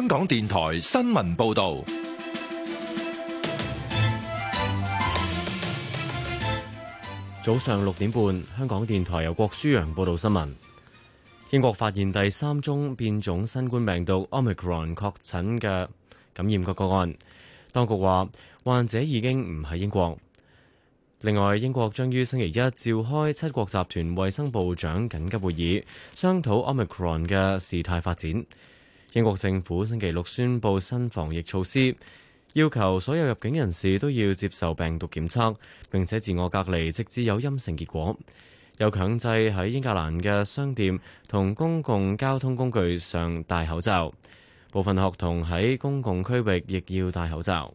香港電台新聞報道，早上六點半，香港電台由郭舒揚報道新聞。英國發現第三宗變種新冠病毒 Omicron 確診嘅感染嘅個案，當局話患者已經唔喺英國。另外，英國將於星期一召開七國集團衛生部長緊急會議，商討 Omicron 嘅事態發展。英國政府星期六宣佈新防疫措施，要求所有入境人士都要接受病毒檢測，並且自我隔離，直至有陰性結果。又強制喺英格蘭嘅商店同公共交通工具上戴口罩，部分學童喺公共區域亦要戴口罩。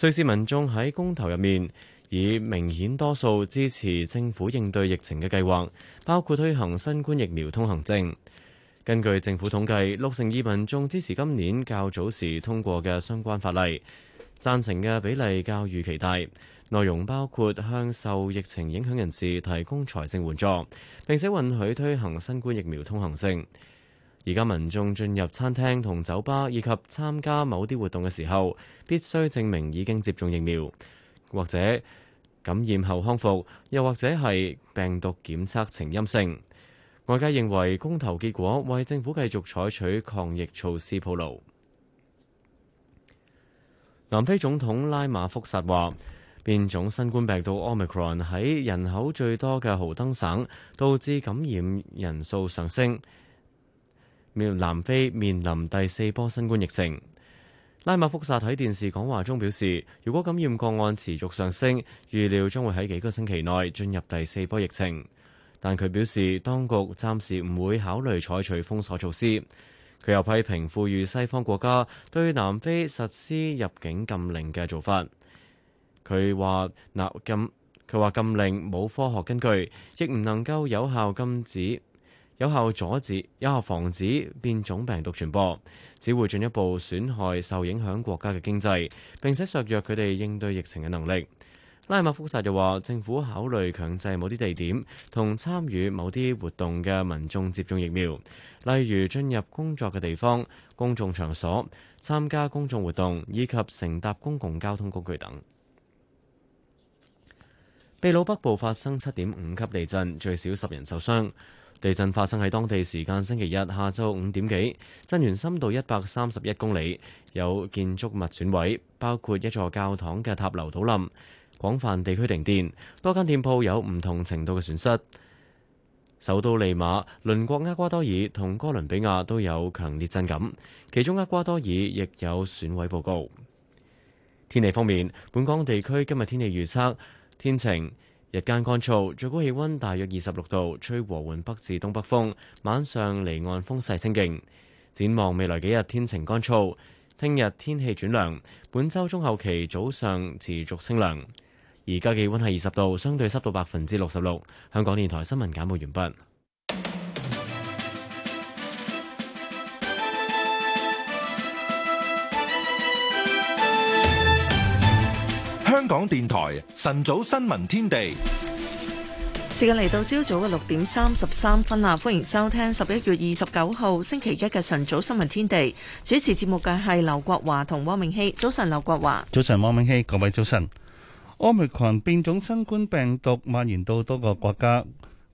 瑞士民眾喺公投入面，以明顯多數支持政府應對疫情嘅計劃，包括推行新冠疫苗通行證。根據政府統計，六成二民眾支持今年較早時通過嘅相關法例，贊成嘅比例較預期大。內容包括向受疫情影響人士提供財政援助，並且允許推行新冠疫苗通行證。而家民眾進入餐廳同酒吧，以及參加某啲活動嘅時候，必須證明已經接種疫苗，或者感染後康復，又或者係病毒檢測呈陰性。外界認為公投結果為政府繼續採取抗疫措施鋪路。南非總統拉馬福薩話：變種新冠病毒 Omicron 喺人口最多嘅豪登省導致感染人數上升，面南非面臨第四波新冠疫情。拉馬福薩喺電視講話中表示，如果感染個案持續上升，預料將會喺幾個星期內進入第四波疫情。但佢表示，當局暫時唔會考慮採取封鎖措施。佢又批評富裕西方國家對南非實施入境禁令嘅做法。佢話納禁佢話禁令冇科學根據，亦唔能夠有效禁止、有效阻止、有效防止變種病毒傳播，只會進一步損害受影響國家嘅經濟，並且削弱佢哋應對疫情嘅能力。拉馬福薩又話，政府考慮強制某啲地點同參與某啲活動嘅民眾接種疫苗，例如進入工作嘅地方、公眾場所、參加公眾活動以及乘搭公共交通工具等。秘魯北部發生七點五級地震，最少十人受傷。地震發生喺當地時間星期一下晝五點幾，震源深度一百三十一公里，有建築物損毀，包括一座教堂嘅塔樓倒冧。廣泛地區停電，多間店鋪有唔同程度嘅損失。首都利馬、鄰國厄瓜多爾同哥倫比亞都有強烈震感，其中厄瓜多爾亦有損毀報告。天氣方面，本港地區今日天氣預測天晴，日間乾燥，最高氣温大約二十六度，吹和緩北至東北風，晚上離岸風勢清勁。展望未來幾日，天晴乾燥。聽日天氣轉涼，本周中後期早上持續清涼。而家氣溫係二十度，相對濕度百分之六十六。香港電台新聞簡報完畢。香港電台晨早新聞天地，時間嚟到朝早嘅六點三十三分啦，歡迎收聽十一月二十九號星期一嘅晨早新聞天地。主持節目嘅係劉國華同汪明熙。早晨，劉國華。早晨，汪明熙。各位早晨。奧密克戎變種新冠病毒蔓延到多個國家。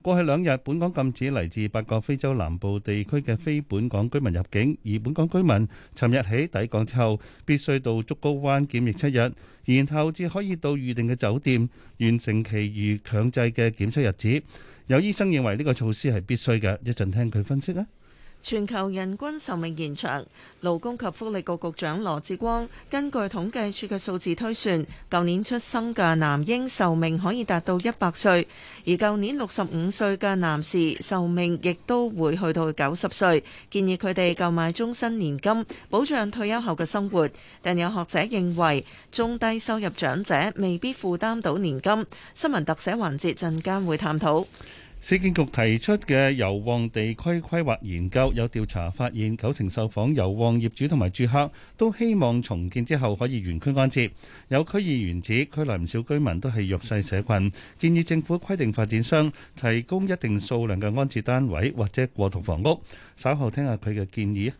過去兩日本港禁止嚟自八個非洲南部地區嘅非本港居民入境，而本港居民尋日起抵港之後，必須到竹篙灣檢疫七日，然後至可以到預定嘅酒店完成其餘強制嘅檢測日子。有醫生認為呢個措施係必須嘅，一陣聽佢分析啦。全球人均壽命延長，勞工及福利局局長羅致光根據統計處嘅數字推算，舊年出生嘅男嬰壽命可以達到一百歲，而舊年六十五歲嘅男士壽命亦都會去到九十歲。建議佢哋購買終身年金，保障退休後嘅生活。但有學者認為，中低收入長者未必負擔到年金。新聞特寫環節陣間會探討。市建局提出嘅油旺地區規劃研究有調查發現，九成受訪油旺業主同埋住客都希望重建之後可以原區安置。有區議員指區內唔少居民都係弱勢社群，建議政府規定發展商提供一定數量嘅安置單位或者過渡房屋。稍後聽下佢嘅建議。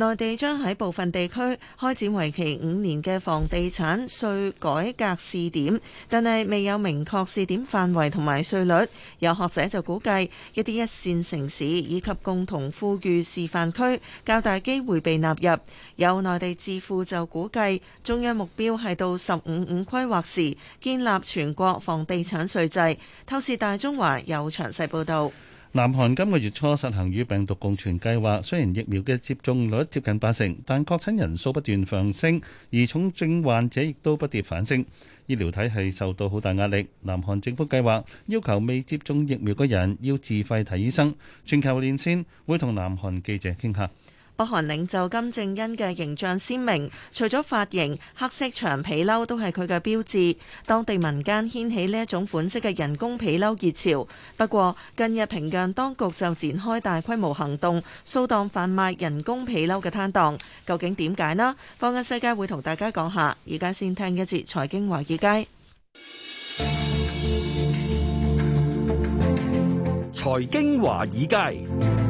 內地將喺部分地區開展為期五年嘅房地產稅改革試點，但係未有明確試點範圍同埋稅率。有學者就估計一啲一線城市以及共同富裕示範區較大機會被納入。有內地智庫就估計中央目標係到十五五規劃時建立全國房地產稅制。透視大中華有詳細報道。南韓今個月初實行與病毒共存計劃，雖然疫苗嘅接種率接近八成，但確診人數不斷上升，而重症患者亦都不跌反升，醫療體系受到好大壓力。南韓政府計劃要求未接種疫苗嘅人要自費睇醫生。全球連線會同南韓記者傾下。北韓領袖金正恩嘅形象鮮明，除咗髮型，黑色長皮褸都係佢嘅標誌。當地民間掀起呢一種款式嘅人工皮褸熱潮。不過，近日平壤當局就展開大規模行動，掃蕩販賣人工皮褸嘅攤檔。究竟點解呢？放眼世界會同大家講下。而家先聽一節《財經華爾街》。財經華爾街。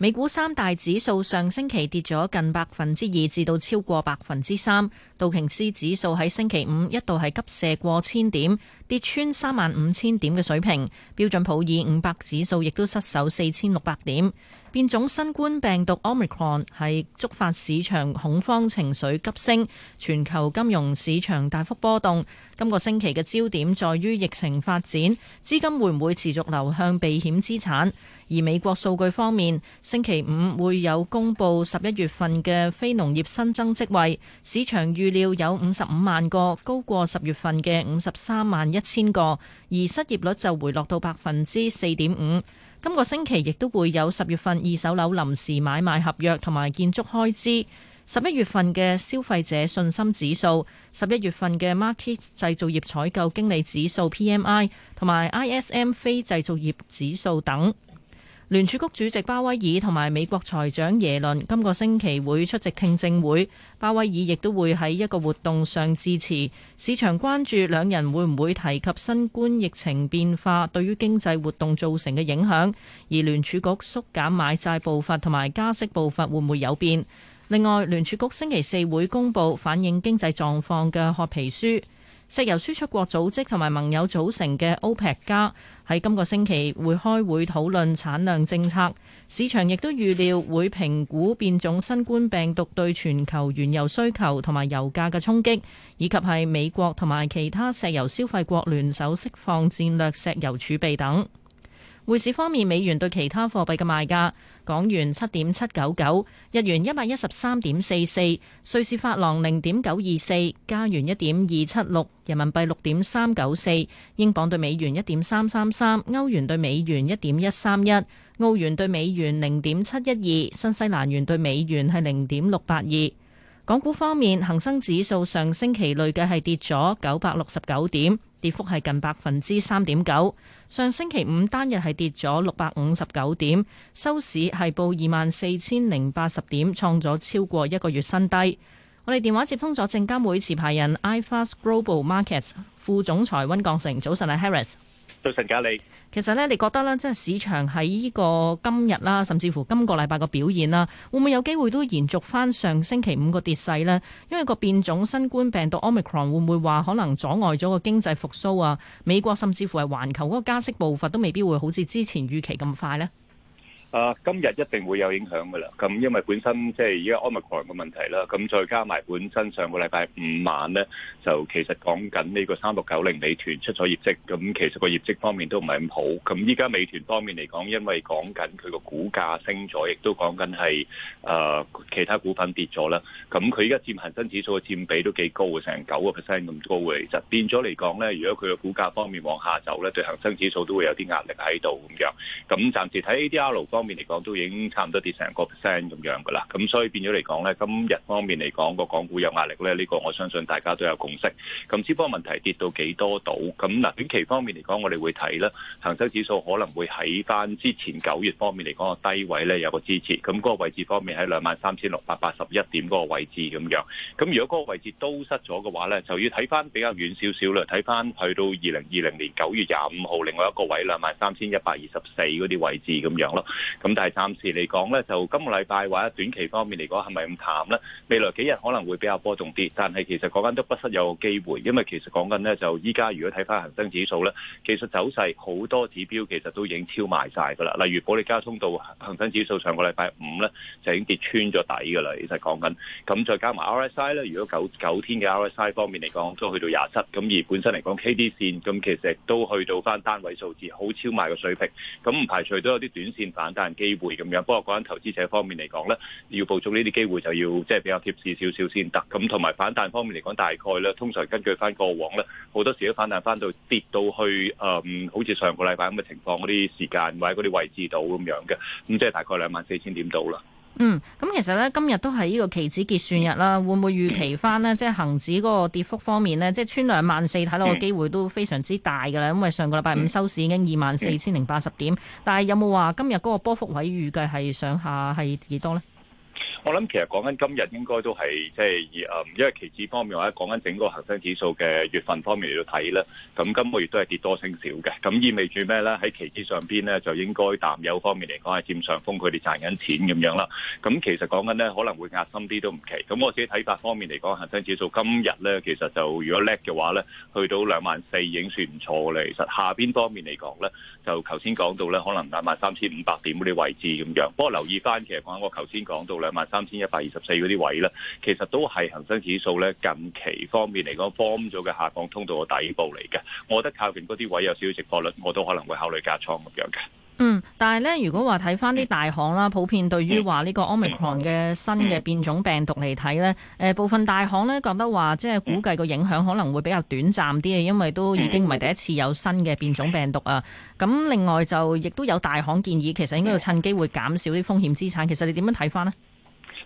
美股三大指數上星期跌咗近百分之二至到超過百分之三，道瓊斯指數喺星期五一度係急瀉過千點，跌穿三萬五千點嘅水平。標準普爾五百指數亦都失守四千六百點。變種新冠病毒 Omicron 係觸發市場恐慌情緒急升，全球金融市場大幅波動。今個星期嘅焦點在於疫情發展，資金會唔會持續流向避險資產？而美國數據方面，星期五會有公布十一月份嘅非農業新增職位，市場預料有五十五萬個，高過十月份嘅五十三萬一千個。而失業率就回落到百分之四點五。今個星期亦都會有十月份二手樓臨時買賣合約同埋建築開支、十一月份嘅消費者信心指數、十一月份嘅 Markit 製造業採購經理指數 （PMI） 同埋 ISM 非製造業指數等。聯儲局主席鮑威爾同埋美國財長耶倫今個星期會出席聽證會，鮑威爾亦都會喺一個活動上致辭。市場關注兩人會唔會提及新冠疫情變化對於經濟活動造成嘅影響，而聯儲局縮減買債步伐同埋加息步伐會唔會有變？另外，聯儲局星期四會公布反映經濟狀況嘅褐皮書。石油輸出國組織同埋盟友組成嘅 OPEC 加喺今個星期會開會討論產量政策，市場亦都預料會評估變種新冠病毒對全球原油需求同埋油價嘅衝擊，以及係美國同埋其他石油消費國聯手釋放戰略石油儲備等。匯市方面，美元對其他貨幣嘅賣價。港元七點七九九，日元一百一十三點四四，瑞士法郎零點九二四，加元一點二七六，人民幣六點三九四，英鎊對美元一點三三三，歐元對美元一點一三一，澳元對美元零點七一二，新西蘭元對美元係零點六八二。港股方面，恒生指數上星期累計係跌咗九百六十九點，跌幅係近百分之三點九。上星期五單日係跌咗六百五十九點，收市係報二萬四千零八十點，創咗超過一個月新低。我哋電話接通咗證監會持牌人 iFast Global Markets 副總裁温國成，早晨啊，Harris。早晨，加里。其實呢，你覺得咧，即係市場喺呢個今日啦，甚至乎今個禮拜嘅表現啦，會唔會有機會都延續翻上，上星期五個跌勢呢？因為個變種新冠病毒 Omicron 會唔會話可能阻礙咗個經濟復甦啊？美國甚至乎係環球嗰個加息步伐都未必會好似之前預期咁快呢。啊，uh, 今日一定會有影響嘅啦。咁因為本身即係依家奧密克戎嘅問題啦，咁再加埋本身上個禮拜五晚咧，就其實講緊呢個三六九零美團出咗業績，咁其實個業績方面都唔係咁好。咁依家美團方面嚟講，因為講緊佢個股價升咗，亦都講緊係誒其他股份跌咗啦。咁佢依家佔恒生指數嘅佔比都幾高嘅，成九個 percent 咁高嘅，就變咗嚟講咧。如果佢嘅股價方面往下走咧，對恒生指數都會有啲壓力喺度咁樣。咁暫時睇 ADR 方面嚟講都已經差唔多跌成個 percent 咁樣噶啦，咁所以變咗嚟講呢，今日方面嚟講個港股有壓力呢。呢、呢個我相信大家都有共識。咁呢波問題跌到幾多度？咁嗱，短期方面嚟講，我哋會睇啦，恒生指數可能會喺翻之前九月方面嚟講個低位呢，有個支持。咁嗰個位置方面喺兩萬三千六百八十一點嗰個位置咁樣。咁如果嗰個位置都失咗嘅話呢，就要睇翻比較遠少少啦，睇翻去到二零二零年九月廿五號另外一個位兩萬三千一百二十四嗰啲位置咁樣咯。咁但係暫時嚟講咧，就今個禮拜或者短期方面嚟講係咪咁淡咧？未來幾日可能會比較波動啲，但係其實嗰間都不失有機會，因為其實講緊咧就依家如果睇翻恒生指數咧，技術走勢好多指標其實都已經超賣晒㗎啦。例如保力加通道恒生指數上個禮拜五咧就已經跌穿咗底㗎啦，其實講緊咁再加埋 RSI 咧，如果九九天嘅 RSI 方面嚟講都去到廿七，咁而本身嚟講 KD 線咁其實都去到翻單位數字，好超賣嘅水平，咁唔排除都有啲短線反賺機會咁樣，不過講緊投資者方面嚟講咧，要捕捉呢啲機會就要即係、就是、比較貼市少少先得。咁同埋反彈方面嚟講，大概咧，通常根據翻過往咧，好多時都反彈翻到跌到去誒、呃，好似上個禮拜咁嘅情況嗰啲時間或者嗰啲位置度咁樣嘅，咁即係大概兩萬四千點度啦。嗯，咁其實咧，今日都係呢個期指結算日啦。會唔會預期返呢？即係恒指嗰個跌幅方面呢，即係穿兩萬四睇到個機會都非常之大嘅啦。因為上個禮拜五收市已經二萬四千零八十點，但係有冇話今日嗰個波幅位預計係上下係幾多呢？我諗其實講緊今日應該都係即係以誒，因為期指方面咧，講緊整個恒生指數嘅月份方面嚟到睇咧，咁今個月都係跌多升少嘅，咁意味住咩咧？喺期指上邊咧就應該淡友方面嚟講係佔上風，佢哋賺緊錢咁樣啦。咁其實講緊咧可能會壓心啲都唔奇。咁我自己睇法方面嚟講，恒生指數今日咧其實就如果叻嘅話咧，去到兩萬四已經算唔錯啦。其實下邊方面嚟講咧，就頭先講到咧可能兩萬三千五百點嗰啲位置咁樣。不過留意翻其實講緊我頭先講到咧。兩萬三千一百二十四嗰啲位呢，其實都係恒生指數呢近期方面嚟講 form 咗嘅下降通道嘅底部嚟嘅。我覺得靠近嗰啲位有少少值博率，我都可能會考慮加倉咁樣嘅。嗯，但係呢，如果話睇翻啲大行啦，嗯、普遍對於話呢個 Omicron 嘅新嘅變種病毒嚟睇呢，誒、嗯嗯、部分大行呢覺得話，即係估計個影響可能會比較短暫啲，因為都已經唔係第一次有新嘅變種病毒啊。咁另外就亦都有大行建議，其實應該要趁機會減少啲風險資產。其實你點樣睇翻呢？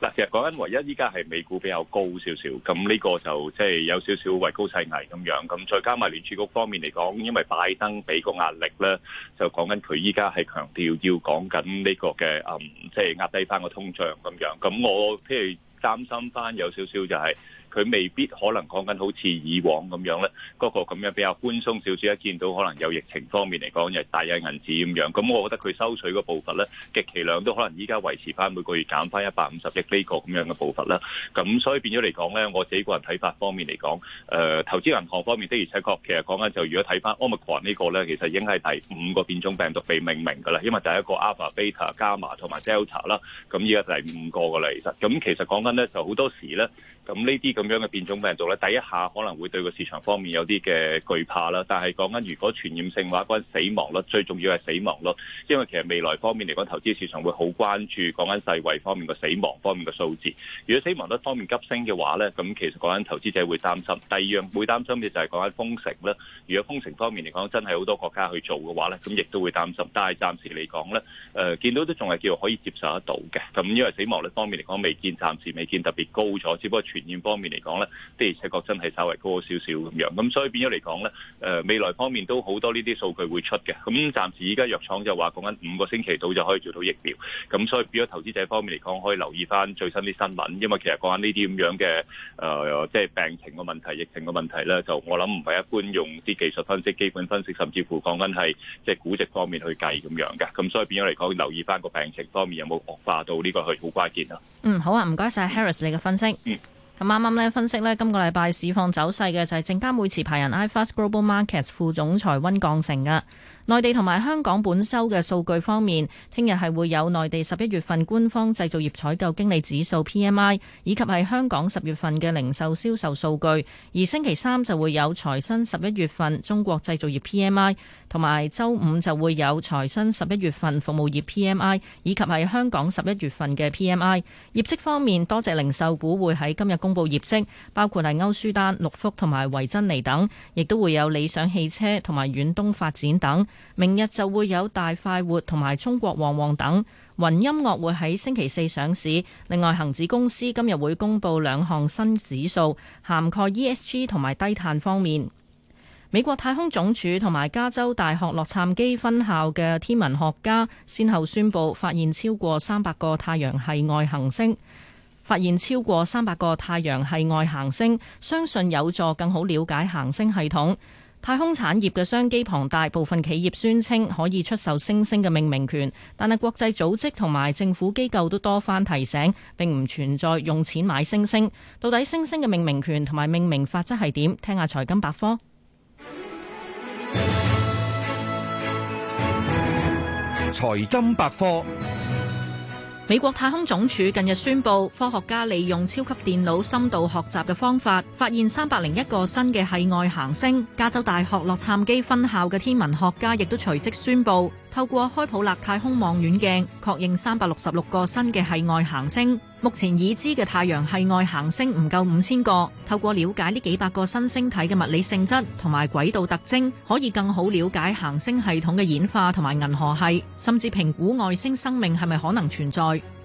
嗱，其實講緊唯一依家係美股比較高少少，咁呢個就即係有少少畏高勢危咁樣，咁再加埋聯儲局方面嚟講，因為拜登俾個壓力咧，就講緊佢依家係強調要講緊呢個嘅，嗯，即係壓低翻個通脹咁樣，咁我譬如擔心翻有少少就係。佢未必可能講緊好似以往咁樣咧，嗰、那個咁樣比較寬鬆少少。一見到可能有疫情方面嚟講，又大有銀紙咁樣。咁我覺得佢收取嘅步伐咧，極其量都可能依家維持翻每個月減翻一百五十億呢個咁樣嘅步伐啦。咁所以變咗嚟講咧，我自己個人睇法方面嚟講，誒、呃，投資銀行方面的而且確，其實講緊就如果睇翻 Omicron 呢個咧，其實已經係第五個變種病毒被命名嘅啦。因為第一個 Alpha、Beta、Gamma 同埋 Delta 啦，咁依家就係第五個嘅啦，其實咁其實講緊咧就好多時咧。咁呢啲咁樣嘅變種病毒咧，第一下可能會對個市場方面有啲嘅懼怕啦。但係講緊如果傳染性話，講緊死亡率，最重要係死亡率，因為其實未來方面嚟講，投資市場會好關注講緊世衞方面個死亡方面個數字。如果死亡率方面急升嘅話咧，咁其實講緊投資者會擔心。第二樣會擔心嘅就係講緊封城啦。如果封城方面嚟講真係好多國家去做嘅話咧，咁亦都會擔心。但係暫時嚟講咧，誒、呃、見到都仲係叫可以接受得到嘅。咁因為死亡率方面嚟講未見，暫時未見特別高咗，只不過。傳染方面嚟講咧，的而且確真係稍微高少少咁樣。咁所以變咗嚟講咧，誒，未來方面都好多呢啲數據會出嘅。咁暫時依家藥廠就話講緊五個星期到就可以做到疫苗。咁所以變咗投資者方面嚟講，可以留意翻最新啲新聞，因為其實講緊呢啲咁樣嘅誒，即係病情嘅問題、疫情嘅問題咧，就我諗唔係一般用啲技術分析、基本分析，甚至乎講緊係即係估值方面去計咁樣嘅。咁所以變咗嚟講，留意翻個病情方面有冇惡化到呢個係好關鍵啊，嗯，好啊，唔該晒 Harris 你嘅分析。嗯。咁啱啱咧分析咧今個禮拜市況走勢嘅就係證監會持牌人 iFast Global Markets 副總裁溫鋼成嘅。內地同埋香港本週嘅數據方面，聽日係會有內地十一月份官方製造業採購經理指數 P.M.I.，以及係香港十月份嘅零售銷售數據。而星期三就會有財新十一月份中國製造業 P.M.I.，同埋周五就會有財新十一月份服務業 P.M.I.，以及係香港十一月份嘅 P.M.I.。業績方面，多隻零售股會喺今日公布業績，包括係歐舒丹、六福同埋維珍妮等，亦都會有理想汽車同埋遠東發展等。明日就會有大快活同埋中國旺旺等雲音樂會喺星期四上市。另外，恒指公司今日會公布兩項新指數，涵蓋 ESG 同埋低碳方面。美國太空總署同埋加州大學洛杉磯分校嘅天文學家先後宣布，發現超過三百個太陽系外行星。發現超過三百個太陽系外行星，相信有助更好了解行星系統。太空產業嘅商機龐大，部分企業宣稱可以出售星星嘅命名權，但係國際組織同埋政府機構都多番提醒，並唔存在用錢買星星。到底星星嘅命名權同埋命名法則係點？聽下財金百科。財金百科。美國太空總署近日宣布，科學家利用超級電腦深度學習嘅方法，發現三百零一個新嘅系外行星。加州大學洛杉磯分校嘅天文學家亦都隨即宣布，透過開普勒太空望遠鏡確認三百六十六個新嘅系外行星。目前已知嘅太陽系外行星唔夠五千個。透過了解呢幾百個新星體嘅物理性質同埋軌道特徵，可以更好了解行星系統嘅演化同埋銀河系，甚至評估外星生命係咪可能存在。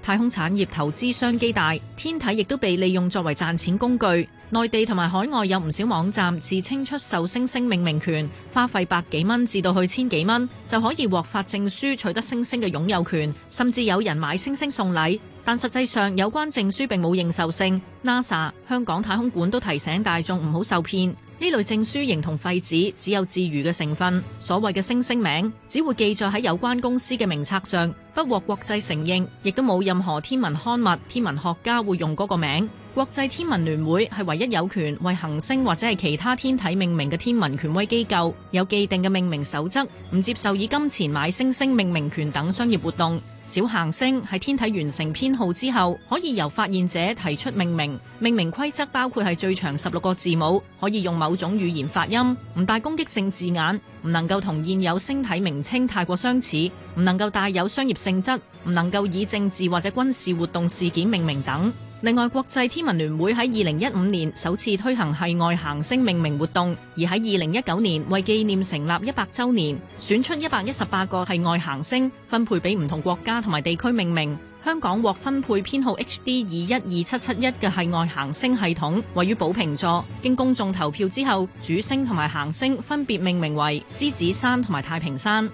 太空產業投資商機大，天體亦都被利用作為賺錢工具。內地同埋海外有唔少網站自稱出售星星命名權，花費百幾蚊至到去千幾蚊就可以獲發證書取得星星嘅擁有權，甚至有人買星星送禮。但實際上有關證書並冇認受性。NASA、香港太空館都提醒大眾唔好受騙。呢類證書形同廢紙，只有自娛嘅成分。所謂嘅星星名，只會記載喺有關公司嘅名冊上，不獲國際承認，亦都冇任何天文刊物、天文學家會用嗰個名。國際天文聯會係唯一有權為行星或者係其他天體命名嘅天文權威機構，有既定嘅命名守則，唔接受以金錢買星星命名權等商業活動。小行星喺天體完成編號之後，可以由發現者提出命名。命名規則包括係最長十六個字母，可以用某種語言發音，唔帶攻擊性字眼，唔能夠同現有星體名稱太過相似，唔能夠帶有商業性質，唔能夠以政治或者軍事活動事件命名等。另外，國際天文聯會喺二零一五年首次推行系外行星命名活動，而喺二零一九年為紀念成立一百週年，選出一百一十八個系外行星，分配俾唔同國家同埋地區命名。香港獲分配編號 HD 二一二七七一嘅系外行星系統，位於寶瓶座。經公眾投票之後，主星同埋行星分別命名為獅子山同埋太平山。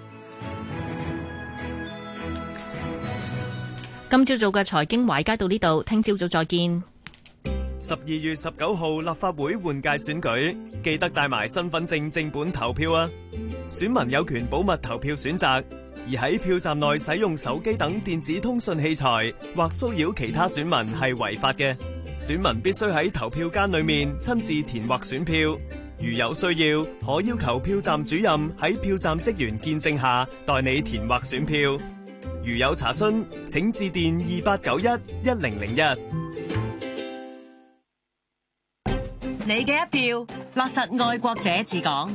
今朝早嘅財經華爾街到呢度，聽朝早再見。十二月十九號立法會換屆選舉，記得帶埋身份證正本投票啊！選民有權保密投票選擇，而喺票站內使用手機等電子通訊器材或騷擾其他選民係違法嘅。選民必須喺投票間裏面親自填劃選票，如有需要可要求票站主任喺票站職員見證下代你填劃選票。如有查詢，請致電二八九一一零零一。你嘅一票落實愛國者治港，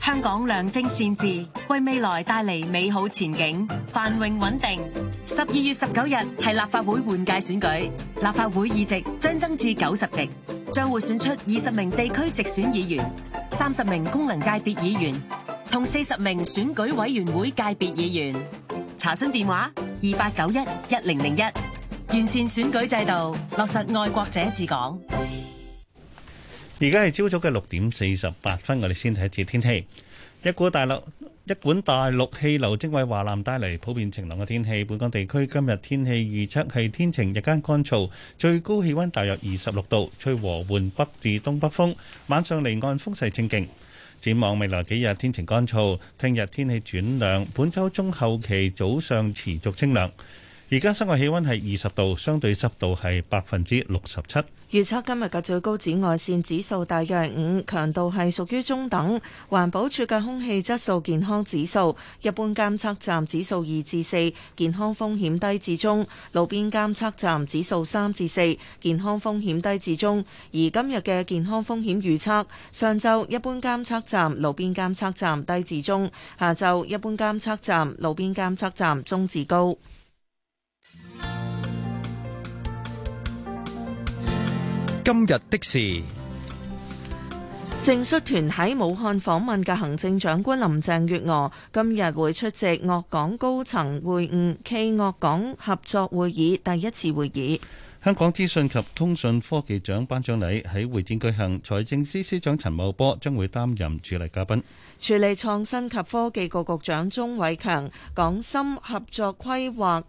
香港良政善治，為未來帶嚟美好前景、繁榮穩定。十二月十九日係立法會換屆選舉，立法會議席將增至九十席，將會選出二十名地區直選議員、三十名功能界別議員同四十名選舉委員會界別議員。查詢電話：二八九一一零零一。完善選舉制度，落實愛國者治港。而家係朝早嘅六點四十八分，我哋先睇一節天氣。一股大陸一股大陸氣流正為華南帶嚟普遍晴朗嘅天氣。本港地區今日天氣預測係天晴，日間乾燥，最高氣溫大約二十六度，吹和緩北至東北風，晚上離岸風勢清勁。展望未來幾日天晴乾燥，聽日天氣轉涼，本週中後期早上持續清涼。而家室外氣溫係二十度，相對濕度係百分之六十七。預測今日嘅最高紫外線指數大約五，強度係屬於中等。環保署嘅空氣質素健康指數，一般監測站指數二至四，健康風險低至中；路邊監測站指數三至四，健康風險低至中。而今日嘅健康風險預測，上晝一般監測站、路邊監測站低至中，下晝一般監測站、路邊監測站中至高。今日的事，正率團喺武漢訪問嘅行政長官林鄭月娥今日會出席鄂港高層會晤暨鄂港合作會議第一次會議。香港資訊及通訊科技獎頒獎禮喺會展舉行，財政司司長陳茂波將會擔任主禮嘉賓，處理創新及科技局局長鍾偉強港深合作規劃。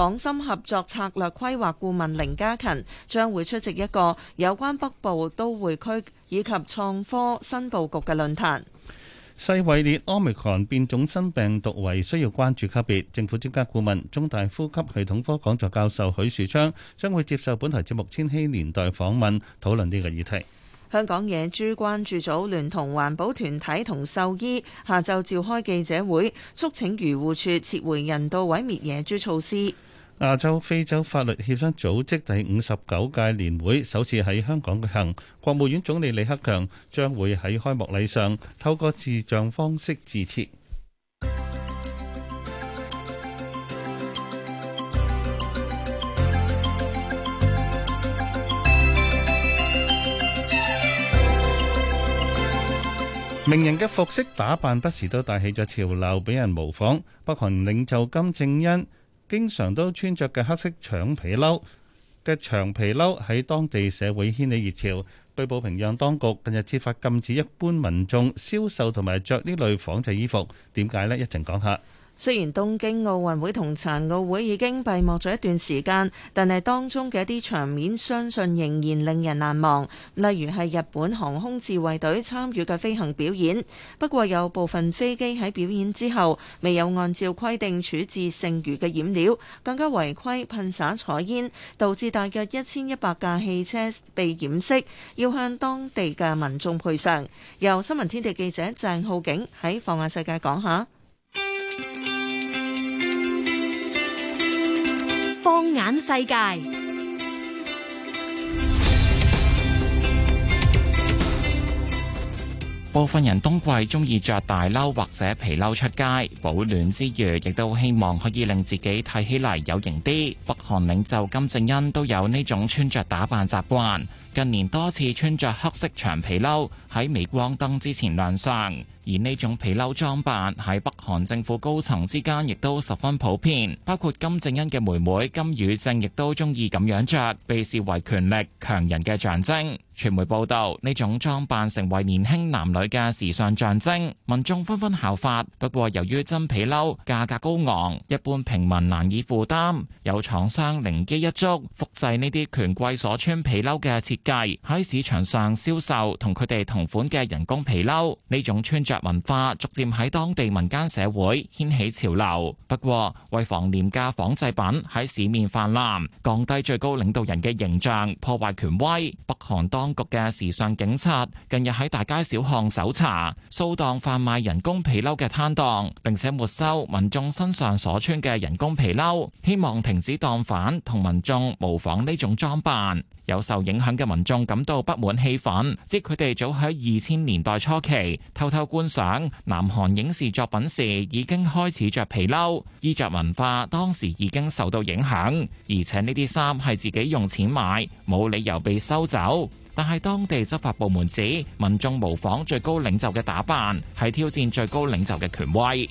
港深合作策略規劃顧問凌家勤將會出席一個有關北部都會區以及創科新布局嘅論壇。世衛列 Omicron 變種新病毒為需要關注級別，政府專家顧問中大呼吸系統科講座教授許樹昌將會接受本台節目《千禧年代》訪問，討論呢個議題。香港野豬關注組聯同環保團體同獸醫下晝召開記者會，促請漁護署撤回人道毀滅野豬措施。亞洲非洲法律協商組織第五十九屆年會首次喺香港舉行，國務院總理李克強將會喺開幕禮上透過視像方式致辭。名人嘅服飾打扮不時都帶起咗潮流，俾人模仿。北韓領袖金正恩。經常都穿着嘅黑色長皮褸嘅長皮褸喺當地社會掀起熱潮，據報平壤當局近日設法禁止一般民眾銷售同埋着呢類仿製衣服。點解呢？一陣講下。雖然東京奧運會同殘奧會已經閉幕咗一段時間，但係當中嘅一啲場面相信仍然令人難忘，例如係日本航空自衛隊參與嘅飛行表演。不過有部分飛機喺表演之後未有按照規定處置剩餘嘅染料，更加違規噴灑彩煙，導致大約一千一百架汽車被染色，要向當地嘅民眾賠償。由新聞天地記者鄭浩景喺放眼世界講下。放眼世界，部分人冬季中意着大褸或者皮褸出街，保暖之餘，亦都希望可以令自己睇起嚟有型啲。北韓領袖金正恩都有呢種穿着打扮習慣，近年多次穿着黑色長皮褸。喺微光燈之前亮相，而呢種皮褸裝扮喺北韓政府高層之間亦都十分普遍，包括金正恩嘅妹妹金宇正亦都中意咁樣着，被視為權力強人嘅象徵，傳媒報道，呢種裝扮成為年輕男女嘅時尚象徵，民眾紛紛效法。不過由於真皮褸價格高昂，一般平民難以負擔，有廠商靈機一觸，複製呢啲權貴所穿皮褸嘅設計，喺市場上銷售，同佢哋同。同款嘅人工皮褸，呢種穿着文化逐漸喺當地民間社會掀起潮流。不過，為防廉價仿製品喺市面泛濫，降低最高領導人嘅形象，破壞權威，北韓當局嘅時尚警察近日喺大街小巷搜查、掃蕩販賣人工皮褸嘅攤檔，並且沒收民眾身上所穿嘅人工皮褸，希望停止盜販同民眾模仿呢種裝扮。有受影響嘅民眾感到不滿氣憤，即佢哋早喺二千年代初期偷偷觀賞南韓影視作品時，已經開始着皮褸，衣着文化當時已經受到影響，而且呢啲衫係自己用錢買，冇理由被收走。但係當地執法部門指，民眾模仿最高領袖嘅打扮，係挑戰最高領袖嘅權威。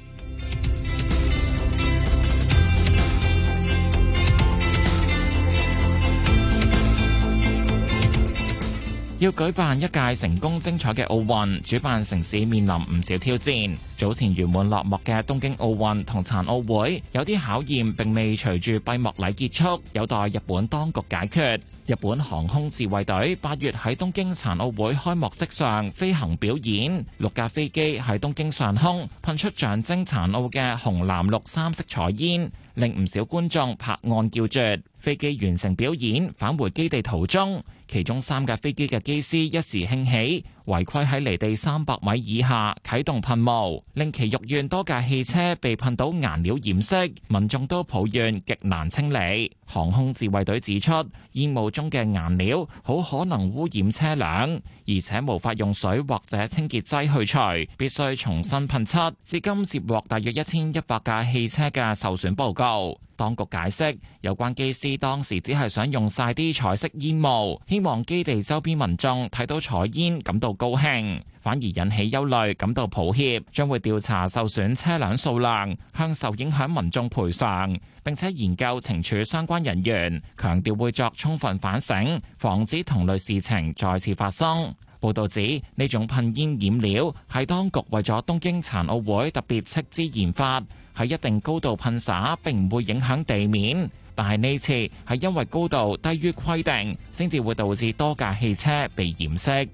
要舉辦一屆成功精彩嘅奧運，主辦城市面臨唔少挑戰。早前圓滿落幕嘅東京奧運同殘奧會，有啲考驗並未隨住閉幕禮結束，有待日本當局解決。日本航空自衛隊八月喺東京殘奧會開幕式上飛行表演，六架飛機喺東京上空噴出象徵殘奧嘅紅藍綠三色彩煙，令唔少觀眾拍案叫絕。飛機完成表演，返回基地途中，其中三架飛機嘅機師一時興起，違規喺離地三百米以下啟動噴霧，令其屋苑多架汽車被噴到顏料染色，民眾都抱怨極難清理。航空自衛隊指出，煙霧中嘅顏料好可能污染車輛，而且無法用水或者清潔劑去除，必須重新噴漆。至今接獲大約一千一百架汽車嘅受損報告。當局解釋有關機師。當時只係想用晒啲彩色煙霧，希望基地周邊民眾睇到彩煙感到高興，反而引起憂慮，感到抱歉。將會調查受損車輛數量，向受影響民眾賠償，並且研究懲處相關人員。強調會作充分反省，防止同類事情再次發生。報道指呢種噴煙染料喺當局為咗東京殘奧會特別斥資研發，喺一定高度噴灑，並唔會影響地面。但係呢次係因為高度低於規定，先至會導致多架汽車被掩飾。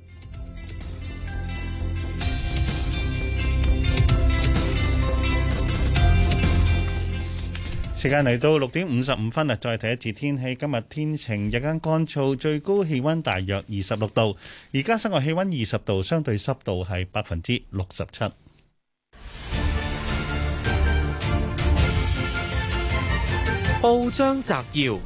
時間嚟到六點五十五分啦，再睇一次天氣。今日天晴，日間乾燥，最高氣溫大約二十六度。而家室外氣溫二十度，相對濕度係百分之六十七。報章摘要：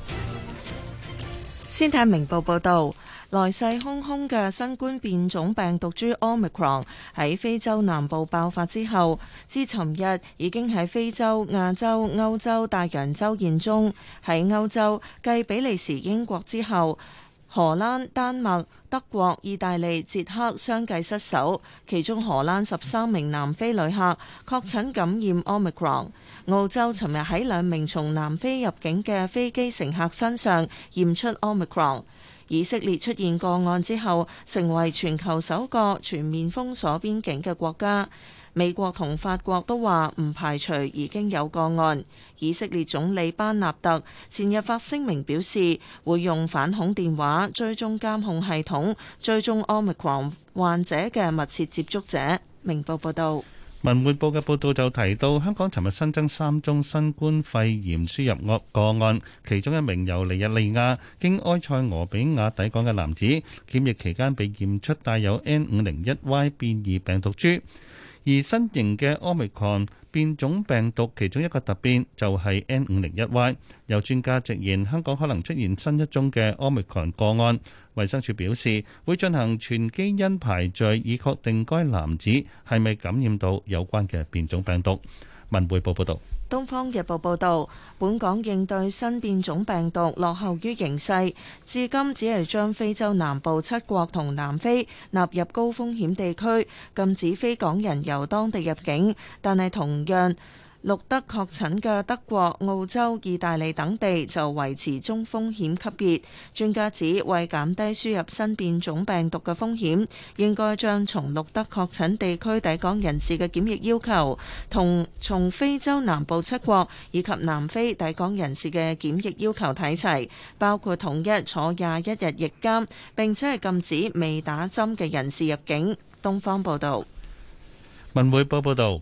先睇明報報道，來勢洶洶嘅新冠變種病毒株 omicron 喺非洲南部爆發之後，至尋日已經喺非洲、亞洲、歐洲、大洋洲現蹤。喺歐洲繼比利時、英國之後，荷蘭、丹麥、德國、意大利、捷克相繼失守。其中荷蘭十三名南非旅客確診感染 omicron。澳洲尋日喺兩名從南非入境嘅飛機乘客身上驗出 Omicron。以色列出現個案之後，成為全球首個全面封鎖邊境嘅國家。美國同法國都話唔排除已經有個案。以色列總理班納特前日發聲明表示，會用反恐電話追蹤監控系統，追蹤 Omicron 患者嘅密切接觸者。明報報道。文匯報嘅報道就提到，香港尋日新增三宗新冠肺炎輸入惡個案，其中一名由尼日利亞經埃塞俄比亞抵港嘅男子，檢疫期間被驗出帶有 N 五零一 Y 變異病毒株，而新型嘅 Omicron，變種病毒其中一個突變就係 N 五零一 Y，有專家直言香港可能出現新一宗嘅 Omicron 個案。衛生署表示會進行全基因排序，以確定該男子係咪感染到有關嘅變種病毒。文匯報報道。《東方日報》報導，本港應對新變種病毒落後於形勢，至今只係將非洲南部七國同南非納入高風險地區，禁止非港人由當地入境，但係同樣錄得確診嘅德國、澳洲、意大利等地就維持中風險級別。專家指，為減低輸入新變種病毒嘅風險，應該將從錄得確診地區抵港人士嘅檢疫要求，同從非洲南部七國以及南非抵港人士嘅檢疫要求睇齊，包括統一坐廿一日疫監，並且係禁止未打針嘅人士入境。東方報道，文匯報報導。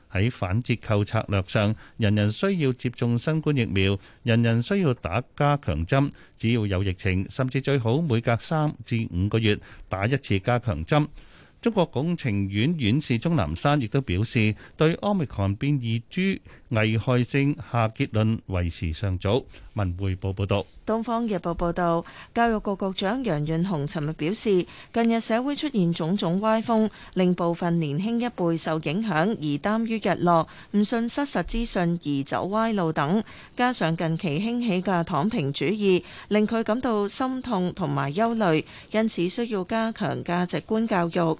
喺反折扣策略上，人人需要接種新冠疫苗，人人需要打加強針，只要有疫情，甚至最好每隔三至五個月打一次加強針。中國工程院院士鍾南山亦都表示，對奧密克戎變異株危害性下結論為時尚早。文匯報報道，東方日報報道，教育局局長楊潤雄尋日表示，近日社會出現種種歪風，令部分年輕一輩受影響而耽於日落，唔信失實資訊而走歪路等，加上近期興起嘅躺平主義，令佢感到心痛同埋憂慮，因此需要加強價值觀教育。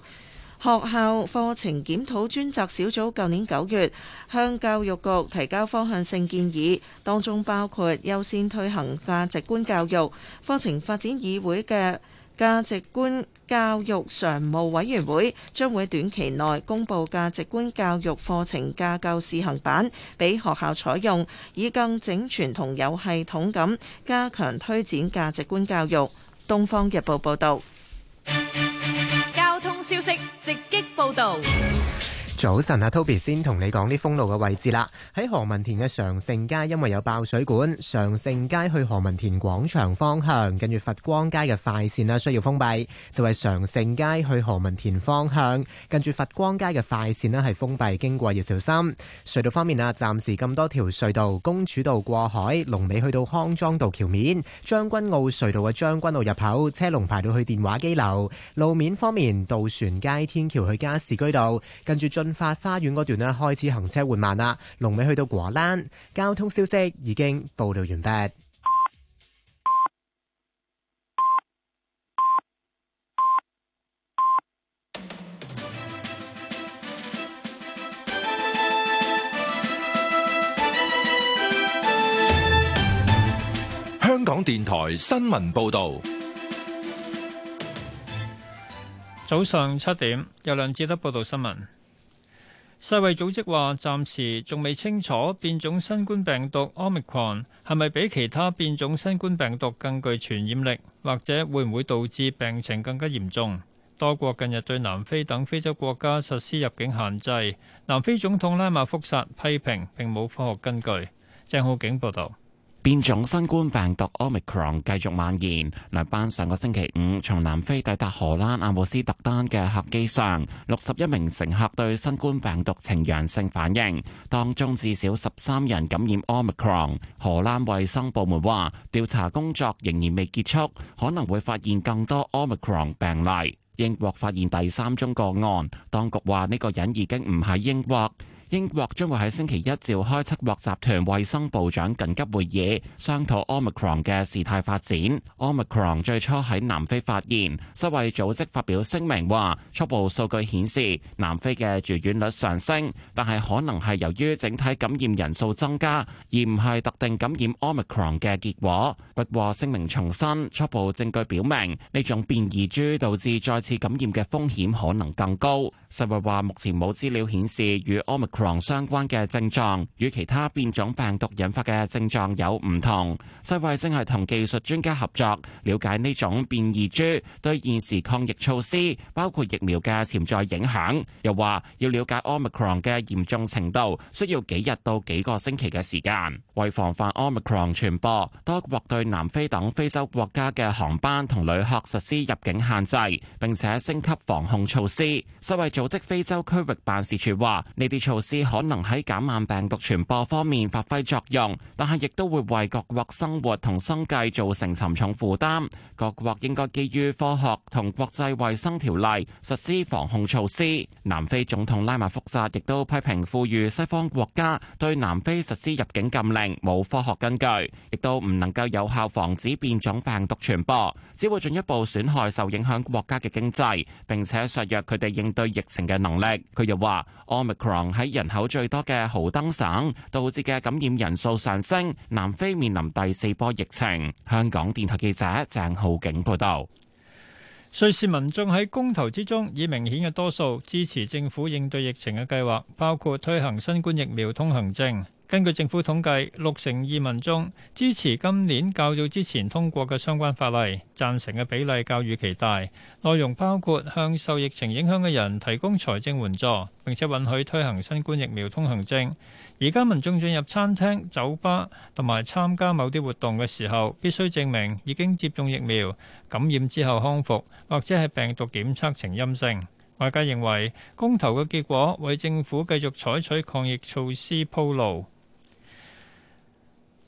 學校課程檢討專責小組舊年九月向教育局提交方向性建議，當中包括優先推行價值觀教育。課程發展議會嘅價值觀教育常務委員會將會短期內公布價值觀教育課程架構試行版，俾學校採用，以更整全同有系統咁加強推展價值觀教育。《東方日報》報道。消息直擊報導。早晨啊，Toby 先同你講啲封路嘅位置啦。喺何文田嘅常盛街，因為有爆水管，常盛街去何文田廣場方向，近住佛光街嘅快線啦，需要封閉。就係、是、常盛街去何文田方向，近住佛光街嘅快線啦，係封閉。經過要小心。隧道方面啊，暫時咁多條隧道，公主道過海，龍尾去到康莊道橋面，將軍澳隧道嘅將軍澳入口，車龍排到去電話機樓。路面方面，渡船街天橋去加士居道，跟住進。發花花園嗰段咧，開始行車緩慢啦，龍尾去到果欄。交通消息已經報道完畢。香港電台新聞報道，早上七點有梁志德報道新聞。世衛組織話，暫時仲未清楚變種新冠病毒 Omicron 係咪比其他變種新冠病毒更具傳染力，或者會唔會導致病情更加嚴重。多國近日對南非等非洲國家實施入境限制。南非總統拉馬福薩批評並冇科學根據。鄭浩景報導。變種新冠病毒 omicron 繼續蔓延，兩班上個星期五從南非抵達荷蘭阿姆斯特丹嘅客機上，六十一名乘客對新冠病毒呈陽性反應，當中至少十三人感染 omicron。荷蘭衛生部門話，調查工作仍然未結束，可能會發現更多 omicron 病例。英國發現第三宗個案，當局話呢個人已經唔喺英國。英國將會喺星期一召開七國集團衛生部長緊急會議，商討 Omicron 嘅事態發展。Omicron 最初喺南非發現，世衛組織發表聲明話，初步數據顯示南非嘅住院率上升，但係可能係由於整體感染人數增加，而唔係特定感染 Omicron 嘅結果。不過聲明重申，初步證據表明呢種變異株導致再次感染嘅風險可能更高。世衛話目前冇資料顯示與 Omicron 相關嘅症狀與其他變種病毒引發嘅症狀有唔同。世衛正係同技術專家合作，了解呢種變異株對現時抗疫措施，包括疫苗嘅潛在影響。又話要了解 Omicron 嘅嚴重程度，需要幾日到幾個星期嘅時間。為防範奧密克戎傳播，多國對南非等非洲國家嘅航班同旅客實施入境限制，並且升級防控措施。世衛組織非洲區域辦事處話，呢啲措施可能喺減慢病毒傳播方面發揮作用，但係亦都會為各國生活同生計造成沉重負擔。各國應該基於科學同國際衛生條例實施防控措施。南非總統拉馬福薩亦都批評，呼籲西方國家對南非實施入境禁令，冇科學根據，亦都唔能夠有效防止變種病毒傳播，只會進一步損害受影響國家嘅經濟，並且削弱佢哋應對疫情嘅能力。佢又話，Omicron 喺人口最多嘅豪登省導致嘅感染人數上升，南非面臨第四波疫情。香港電台記者鄭浩景報道。瑞士民眾喺公投之中以明顯嘅多數支持政府應對疫情嘅計劃，包括推行新冠疫苗通行證。根據政府統計，六成二民眾支持今年較早之前通過嘅相關法例，贊成嘅比例較預期大。內容包括向受疫情影響嘅人提供財政援助，並且允許推行新冠疫苗通行證。而家民眾進入餐廳、酒吧同埋參加某啲活動嘅時候，必須證明已經接種疫苗、感染之後康復，或者係病毒檢測呈陰性。外界認為，公投嘅結果為政府繼續採取抗疫措施鋪路。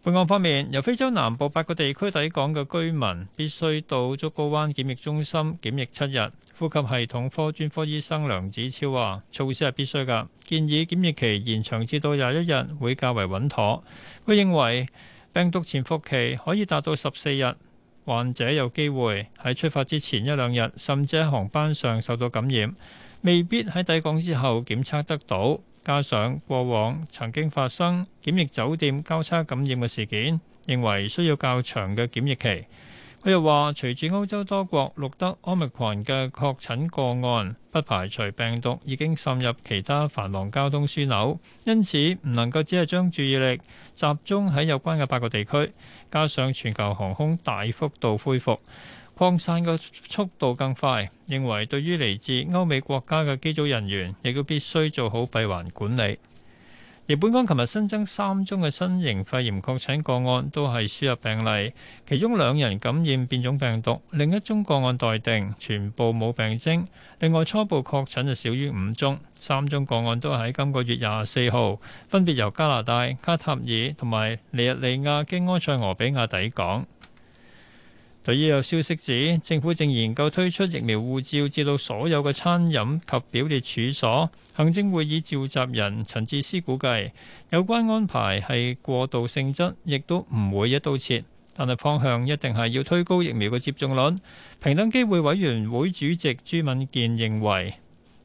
本港方面，由非洲南部八個地區抵港嘅居民必須到竹篙灣檢疫中心檢疫七日。呼吸系統科專科醫生梁子超話，措施係必須噶，建議檢疫期延長至到廿一日會較為穩妥。佢認為病毒潛伏期可以達到十四日，患者有機會喺出發之前一兩日甚至喺航班上受到感染，未必喺抵港之後檢測得到。加上過往曾經發生檢疫酒店交叉感染嘅事件，認為需要較長嘅檢疫期。佢又話，隨住歐洲多國錄得奧密克戎嘅確診個案，不排除病毒已經滲入其他繁忙交通樞紐，因此唔能夠只係將注意力集中喺有關嘅八個地區。加上全球航空大幅度恢復。擴散嘅速度更快，認為對於嚟自歐美國家嘅機組人員，亦都必須做好閉環管理。而本港琴日新增三宗嘅新型肺炎確診個案，都係輸入病例，其中兩人感染變種病毒，另一宗個案待定，全部冇病徵。另外初步確診就少於五宗，三宗個案都喺今個月廿四號，分別由加拿大、卡塔爾同埋尼日利亞經埃塞俄比亞抵港。對於有消息指政府正研究推出疫苗護照，至到所有嘅餐飲及表列處所，行政會議召集人陳智思估計，有關安排係過渡性質，亦都唔會一刀切，但係方向一定係要推高疫苗嘅接種率。平等機會委員會主席朱敏健認為，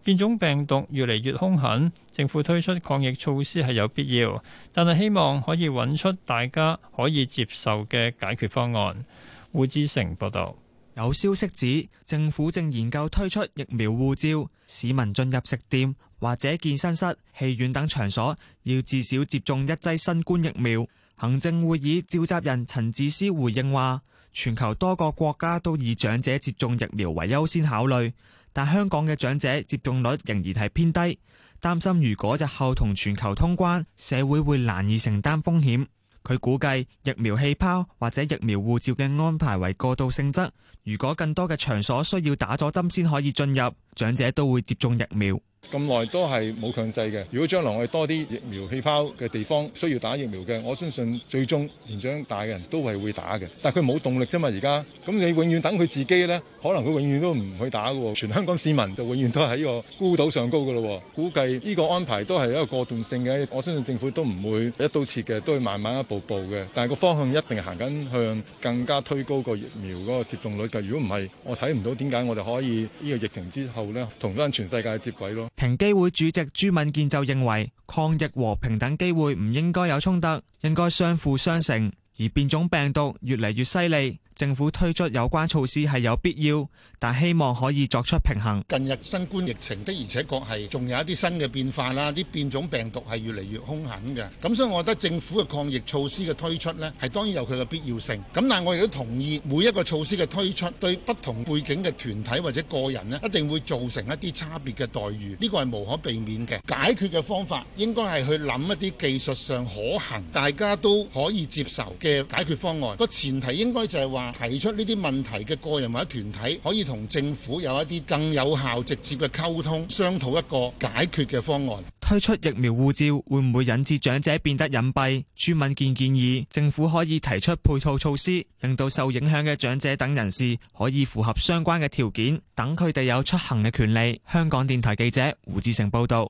變種病毒越嚟越兇狠，政府推出抗疫措施係有必要，但係希望可以揾出大家可以接受嘅解決方案。胡志誠報道，有消息指政府正研究推出疫苗護照，市民進入食店或者健身室、戲院等場所，要至少接種一劑新冠疫苗。行政會議召集人陳智思回應話，全球多個國家都以長者接種疫苗為優先考慮，但香港嘅長者接種率仍然係偏低，擔心如果日後同全球通關，社會會難以承擔風險。佢估計疫苗氣泡或者疫苗護照嘅安排為過渡性質，如果更多嘅場所需要打咗針先可以進入，長者都會接種疫苗。咁耐都係冇強制嘅。如果將來我哋多啲疫苗氣泡嘅地方需要打疫苗嘅，我相信最終年長大嘅人都係會打嘅。但係佢冇動力啫嘛，而家咁你永遠等佢自己咧，可能佢永遠都唔去打嘅。全香港市民就永遠都係喺個孤島上高噶咯。估計呢個安排都係一個過渡性嘅，我相信政府都唔會一刀切嘅，都會慢慢一步步嘅。但係個方向一定係行緊向更加推高個疫苗個接種率嘅。如果唔係，我睇唔到點解我哋可以呢個疫情之後咧同返全世界接軌咯。平機會主席朱敏健就認為，抗疫和平等機會唔應該有衝突，應該相輔相成，而變種病毒越嚟越犀利。政府推出有關措施係有必要，但希望可以作出平衡。近日新冠疫情的，而且確係仲有一啲新嘅變化啦，啲變種病毒係越嚟越兇狠嘅。咁所以我覺得政府嘅抗疫措施嘅推出呢，係當然有佢嘅必要性。咁但係我亦都同意每一個措施嘅推出，對不同背景嘅團體或者個人呢，一定會造成一啲差別嘅待遇。呢個係無可避免嘅。解決嘅方法應該係去諗一啲技術上可行、大家都可以接受嘅解決方案。個前提應該就係話。提出呢啲問題嘅個人或者團體可以同政府有一啲更有效、直接嘅溝通，商討一個解決嘅方案。推出疫苗護照會唔會引致長者變得隱蔽？朱敏健建議政府可以提出配套措施，令到受影響嘅長者等人士可以符合相關嘅條件，等佢哋有出行嘅權利。香港電台記者胡志成報道。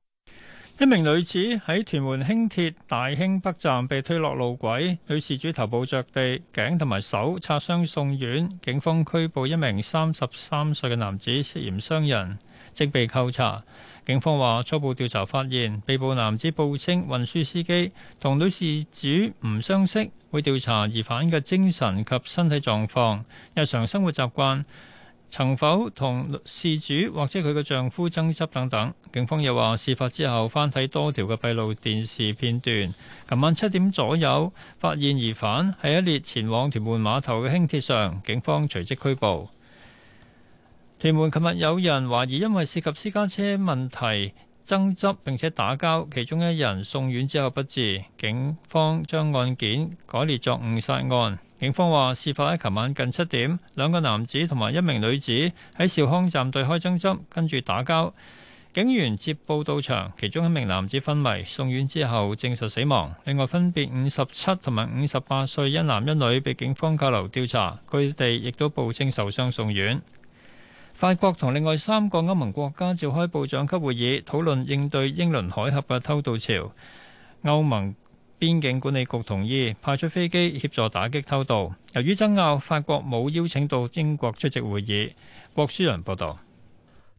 一名女子喺屯門輕鐵大興北站被推落路軌，女事主頭部着地，頸同埋手擦傷送院。警方拘捕一名三十三歲嘅男子，涉嫌傷人，即被扣查。警方話初步調查發現，被捕男子報稱運輸司機同女事主唔相識，會調查疑犯嘅精神及身體狀況、日常生活習慣。曾否同事主或者佢嘅丈夫爭執等等？警方又話事發之後翻睇多條嘅閉路電視片段，琴晚七點左右發現疑犯喺一列前往屯門碼頭嘅輕鐵上，警方隨即拘捕。屯門琴日有人懷疑因為涉及私家車問題爭執並且打交，其中一人送院之後不治，警方將案件改列作誤殺案。警方話，事發喺琴晚近七點，兩個男子同埋一名女子喺兆康站對開爭執，跟住打交。警員接報到場，其中一名男子昏迷送院之後證實死亡。另外分別五十七同埋五十八歲一男一女被警方扣留調查，佢哋亦都報稱受傷送院。法國同另外三個歐盟國家召開部長級會議，討論應對英倫海峽嘅偷渡潮。歐盟邊境管理局同意派出飛機協助打擊偷渡。由於爭拗，法國冇邀請到英國出席會議。郭書倫報道：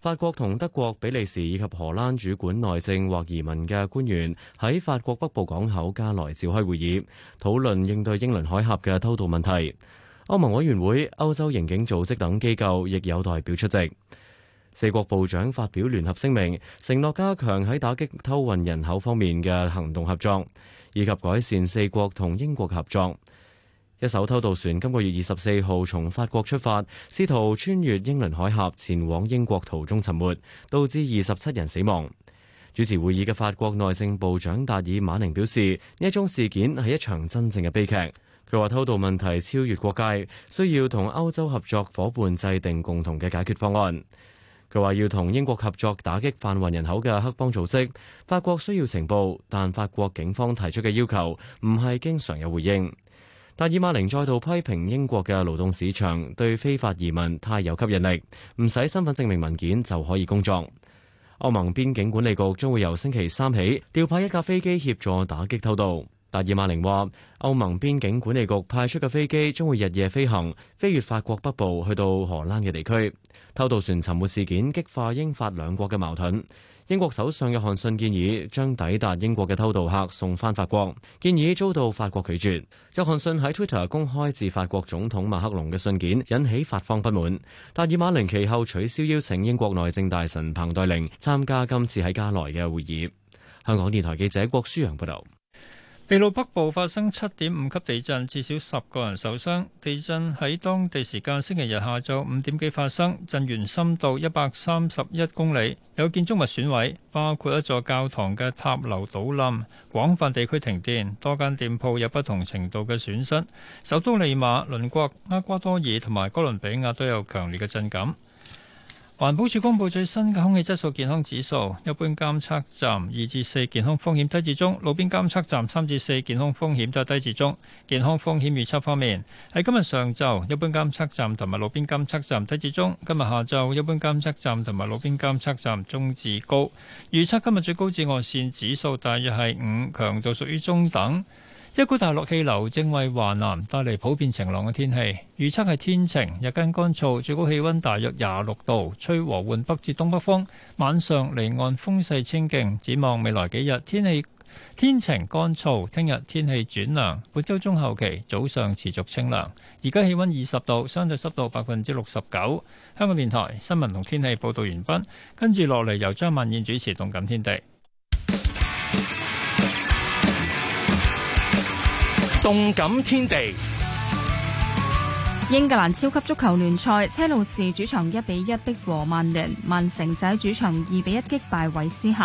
法國同德國、比利時以及荷蘭主管內政或移民嘅官員喺法國北部港口加萊召開會議，討論應對英倫海峽嘅偷渡問題。歐盟委員會、歐洲刑警組織等機構亦有代表出席。四國部長發表聯合聲明，承諾加強喺打擊偷運人口方面嘅行動合作。以及改善四國同英國合作。一艘偷渡船今個月二十四號從法國出發，試圖穿越英倫海峽，前往英國途中沉沒，導致二十七人死亡。主持會議嘅法國內政部長達爾馬寧表示，呢一宗事件係一場真正嘅悲劇。佢話偷渡問題超越國界，需要同歐洲合作伙伴制定共同嘅解決方案。佢話要同英國合作打擊販運人口嘅黑幫組織，法國需要情報，但法國警方提出嘅要求唔係經常有回應。達爾馬寧再度批評英國嘅勞動市場對非法移民太有吸引力，唔使身份證明文件就可以工作。歐盟邊境管理局將會由星期三起調派一架飛機協助打擊偷渡。達爾馬寧話，歐盟邊境管理局派出嘅飛機將會日夜飛行，飛越法國北部去到荷蘭嘅地區。偷渡船沉沒事件激化英法兩國嘅矛盾。英國首相約翰遜建議將抵達英國嘅偷渡客送翻法國，建議遭到法國拒絕。約翰遜喺 Twitter 公開致法國總統馬克龍嘅信件，引起法方不滿。達爾馬寧其後取消邀請英國內政大臣彭黛玲參加今次喺加萊嘅會議。香港電台記者郭舒揚報道。秘魯北部發生七點五級地震，至少十個人受傷。地震喺當地時間星期日下晝五點幾發生，震源深度一百三十一公里，有建築物損毀，包括一座教堂嘅塔樓倒冧，廣泛地區停電，多間店鋪有不同程度嘅損失。首都利馬、鄰國厄瓜多爾同埋哥倫比亞都有強烈嘅震感。環保署公布最新嘅空氣質素健康指數，一般監測站二至四健康風險低至中，路邊監測站三至四健康風險都係低至中。健康風險預測方面，喺今日上晝一般監測站同埋路邊監測站低至中，今日下晝一般監測站同埋路邊監測站中至高。預測今日最高紫外線指數大約係五，強度屬於中等。一股大陸氣流正為華南帶嚟普遍晴朗嘅天氣，預測係天晴，日間乾燥，最高氣温大約廿六度，吹和緩北至東北風。晚上離岸風勢清勁，展望未來幾日天氣天晴乾燥，聽日天氣轉涼，本周中後期早上持續清涼。而家氣温二十度，相對濕度百分之六十九。香港電台新聞同天氣報導完畢，跟住落嚟由張萬燕主持《動感天地》。動感天地。英格蘭超級足球聯賽，車路士主場一比一逼和曼聯，曼城仔主場二比一擊敗韋斯咸。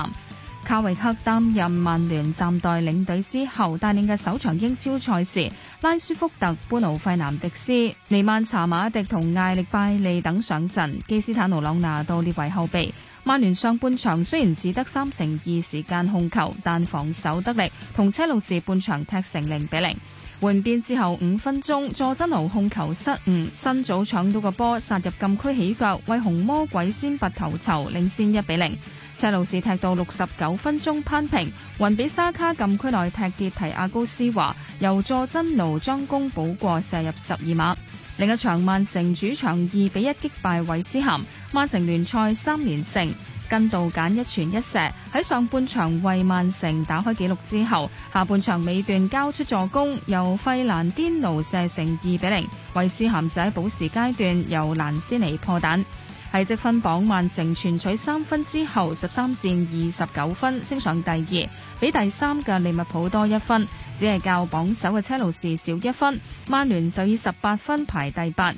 卡維克擔任曼聯暫代領隊之後，帶領嘅首場英超賽事，拉舒福特、般奴、費南迪斯、尼曼查、馬迪同艾力拜利等上陣，基斯坦奴·朗拿度列為後備。曼聯上半場雖然只得三成二時間控球，但防守得力，同車路士半場踢成零比零。換邊之後五分鐘，佐真奴控球失誤，辛祖搶到個波殺入禁區起腳，為紅魔鬼先拔頭籌，領先一比零。車路士踢到六十九分鐘扳平，雲比沙卡禁區內踢跌提，提阿高斯華，由佐真奴將功補過射入十二碼。另一場曼城主場二比一擊敗韋斯咸，曼城聯賽三連勝。根度簡一傳一射喺上半場為曼城打開紀錄之後，下半場尾段交出助攻，由費蘭甸奴射成二比零。韋斯咸就喺補時階段由蘭斯尼破蛋。係積分榜曼城全取三分之後，十三戰二十九分，升上第二，比第三嘅利物浦多一分，只係較榜首嘅車路士少一分。曼聯就以十八分排第八。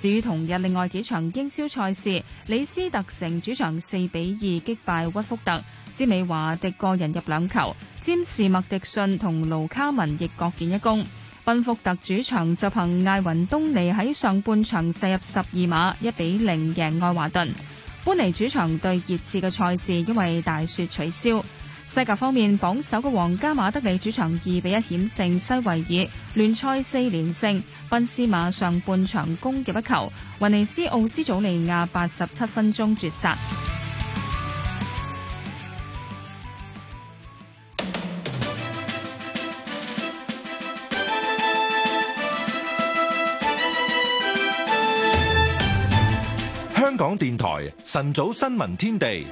至於同日另外幾場英超賽事，李斯特城主場四比二擊敗屈福特，詹美華迪個人入兩球，詹士麥迪遜同盧卡文亦各建一功。賓福特主場就憑艾雲東尼喺上半場射入十二碼，一比零贏愛華頓。般尼主場對熱刺嘅賽事，因為大雪取消。西甲方面，榜首嘅皇家馬德里主場二比一險勝西維爾，聯賽四連勝。賓斯馬上半場攻入一球，雲尼斯奧斯祖利亞八十七分鐘絕殺。港電台晨早新聞天地，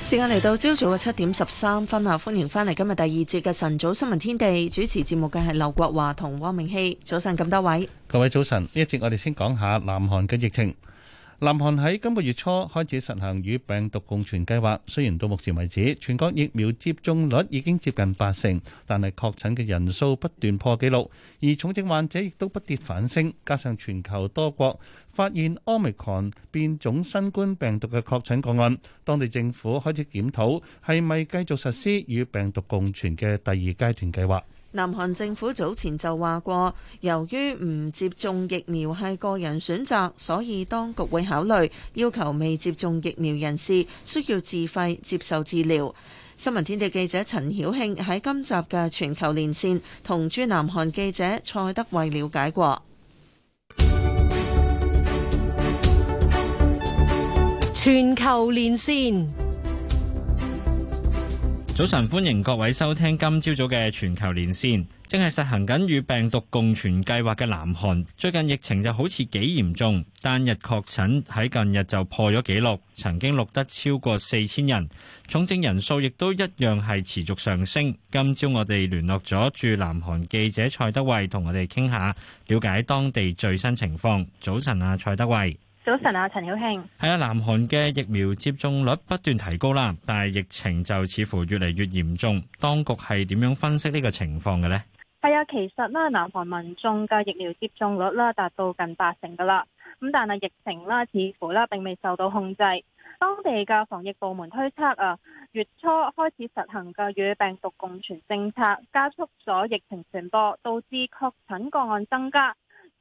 時間嚟到朝早嘅七點十三分啊！歡迎翻嚟今日第二節嘅晨早新聞天地，主持節目嘅係劉國華同汪明熙。早晨，咁多位，各位早晨。呢一節我哋先講下南韓嘅疫情。南韓喺今個月初開始實行與病毒共存計劃，雖然到目前為止全國疫苗接種率已經接近八成，但係確診嘅人數不斷破紀錄，而重症患者亦都不跌反升。加上全球多國發現 Omicron 變種新冠病毒嘅確診個案，當地政府開始檢討係咪繼續實施與病毒共存嘅第二階段計劃。南韓政府早前就話過，由於唔接種疫苗係個人選擇，所以當局會考慮要求未接種疫苗人士需要自費接受治療。新聞天地記者陳曉慶喺今集嘅全球連線同駐南韓記者蔡德慧了解過。全球連線。早晨，歡迎各位收聽今朝早嘅全球連線。正係實行緊與病毒共存計劃嘅南韓，最近疫情就好似幾嚴重，單日確診喺近日就破咗紀錄，曾經錄得超過四千人，重症人數亦都一樣係持續上升。今朝我哋聯絡咗駐南韓記者蔡德慧，同我哋傾下了解當地最新情況。早晨啊，蔡德慧。早晨啊，陳曉慶。係啊，南韓嘅疫苗接種率不斷提高啦，但係疫情就似乎越嚟越嚴重。當局係點樣分析呢個情況嘅咧？係啊，其實啦，南韓民眾嘅疫苗接種率啦達到近八成噶啦，咁但係疫情啦似乎啦並未受到控制。當地嘅防疫部門推測啊，月初開始實行嘅與病毒共存政策，加速咗疫情傳播，導致確診個案增加。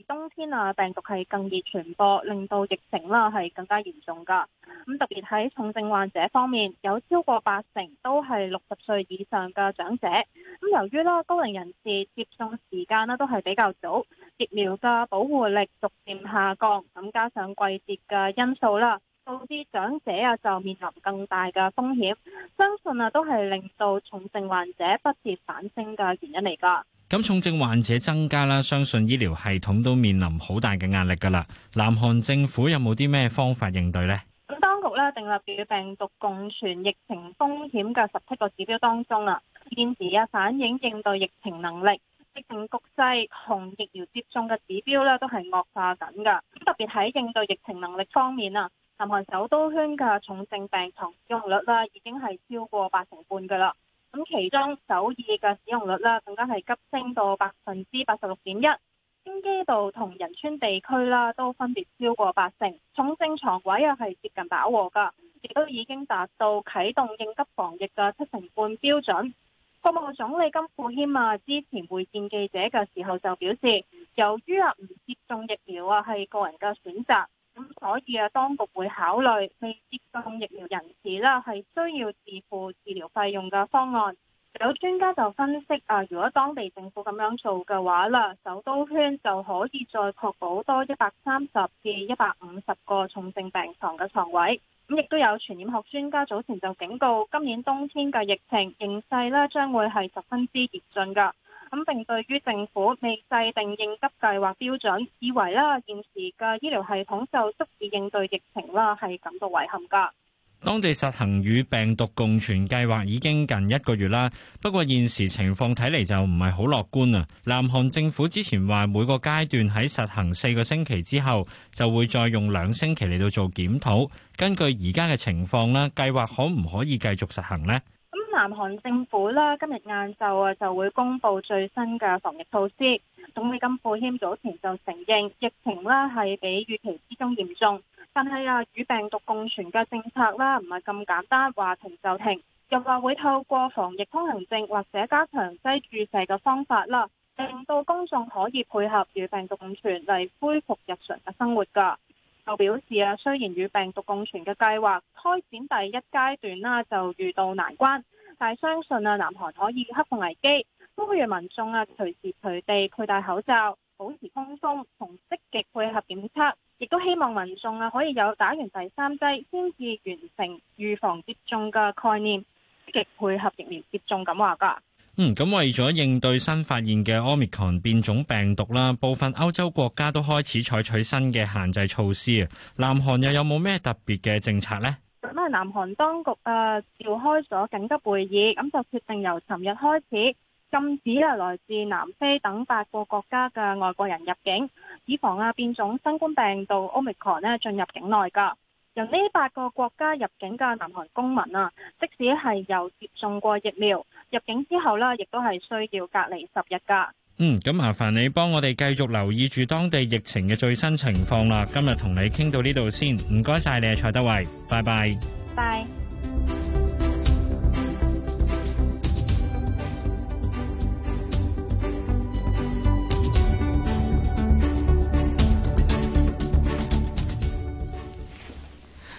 冬天啊，病毒係更易傳播，令到疫情啦係更加嚴重噶。咁特別喺重症患者方面，有超過八成都係六十歲以上嘅長者。咁由於啦高齡人士接種時間啦都係比較早，疫苗嘅保護力逐漸下降，咁加上季節嘅因素啦，導致長者啊就面臨更大嘅風險。相信啊都係令到重症患者不跌反升嘅原因嚟噶。咁重症患者增加啦，相信醫療系統都面臨好大嘅壓力噶啦。南韓政府有冇啲咩方法應對咧？咁當局咧訂立與病毒共存疫情風險嘅十七個指標當中啊，現時啊反映應對疫情能力、疫情局勢同疫苗接種嘅指標咧都係惡化緊噶。特別喺應對疫情能力方面啊，南韓首都圈嘅重症病床佔用率啦已經係超過八成半噶啦。咁其中首爾嘅使用率啦，更加係急升到百分之八十六點一，京畿道同仁川地區啦，都分別超過八成，重症床位啊，係接近飽和噶，亦都已經達到啟動應急防疫嘅七成半標準。國務總理金富謙啊，之前會見記者嘅時候就表示，由於啊唔接種疫苗啊係個人嘅選擇。咁所以啊，當局會考慮未接種疫苗人士啦，係需要自付治療費用嘅方案。有專家就分析啊，如果當地政府咁樣做嘅話啦，首都圈就可以再確保多一百三十至一百五十個重症病床嘅床位。咁、嗯、亦都有傳染學專家早前就警告，今年冬天嘅疫情形勢呢，將會係十分之嚴峻噶。肯定對於政府未制定應急計劃標準，以為咧現時嘅醫療系統就足以應對疫情啦，係感到遺憾㗎。當地實行與病毒共存計劃已經近一個月啦，不過現時情況睇嚟就唔係好樂觀啊！南韓政府之前話每個階段喺實行四個星期之後，就會再用兩星期嚟到做檢討。根據而家嘅情況咧，計劃可唔可以繼續實行呢？南韓政府啦，今日晏晝啊，就會公布最新嘅防疫措施。總理金富謙早前就承認，疫情啦係比預期之中嚴重，但係啊，與病毒共存嘅政策啦，唔係咁簡單，話停就停，又話會透過防疫通行證或者加強劑注射嘅方法啦，令到公眾可以配合與病毒共存嚟恢復日常嘅生活噶。就表示啊，雖然與病毒共存嘅計劃開展第一階段啦，就遇到難關。但相信啊，南韓可以克服危機。咁佢讓民眾啊隨時隨地佩戴口罩，保持通風，同積極配合檢測。亦都希望民眾啊可以有打完第三劑先至完成預防接種嘅概念，積極配合疫苗接種咁話噶。嗯，咁為咗應對新發現嘅 Omicron 變種病毒啦，部分歐洲國家都開始採取新嘅限制措施啊。南韓又有冇咩特別嘅政策呢？咁啊，南韓當局誒、呃、召開咗緊急會議，咁就決定由尋日開始禁止啊來自南非等八個國家嘅外國人入境，以防啊變種新冠病毒 Omicron 咧進入境內。噶由呢八個國家入境嘅南韓公民啊，即使係有接種過疫苗，入境之後呢亦都係需要隔離十日噶。嗯，咁麻煩你幫我哋繼續留意住當地疫情嘅最新情況啦。今日同你傾到呢度先，唔該晒你，蔡德偉，拜拜。bye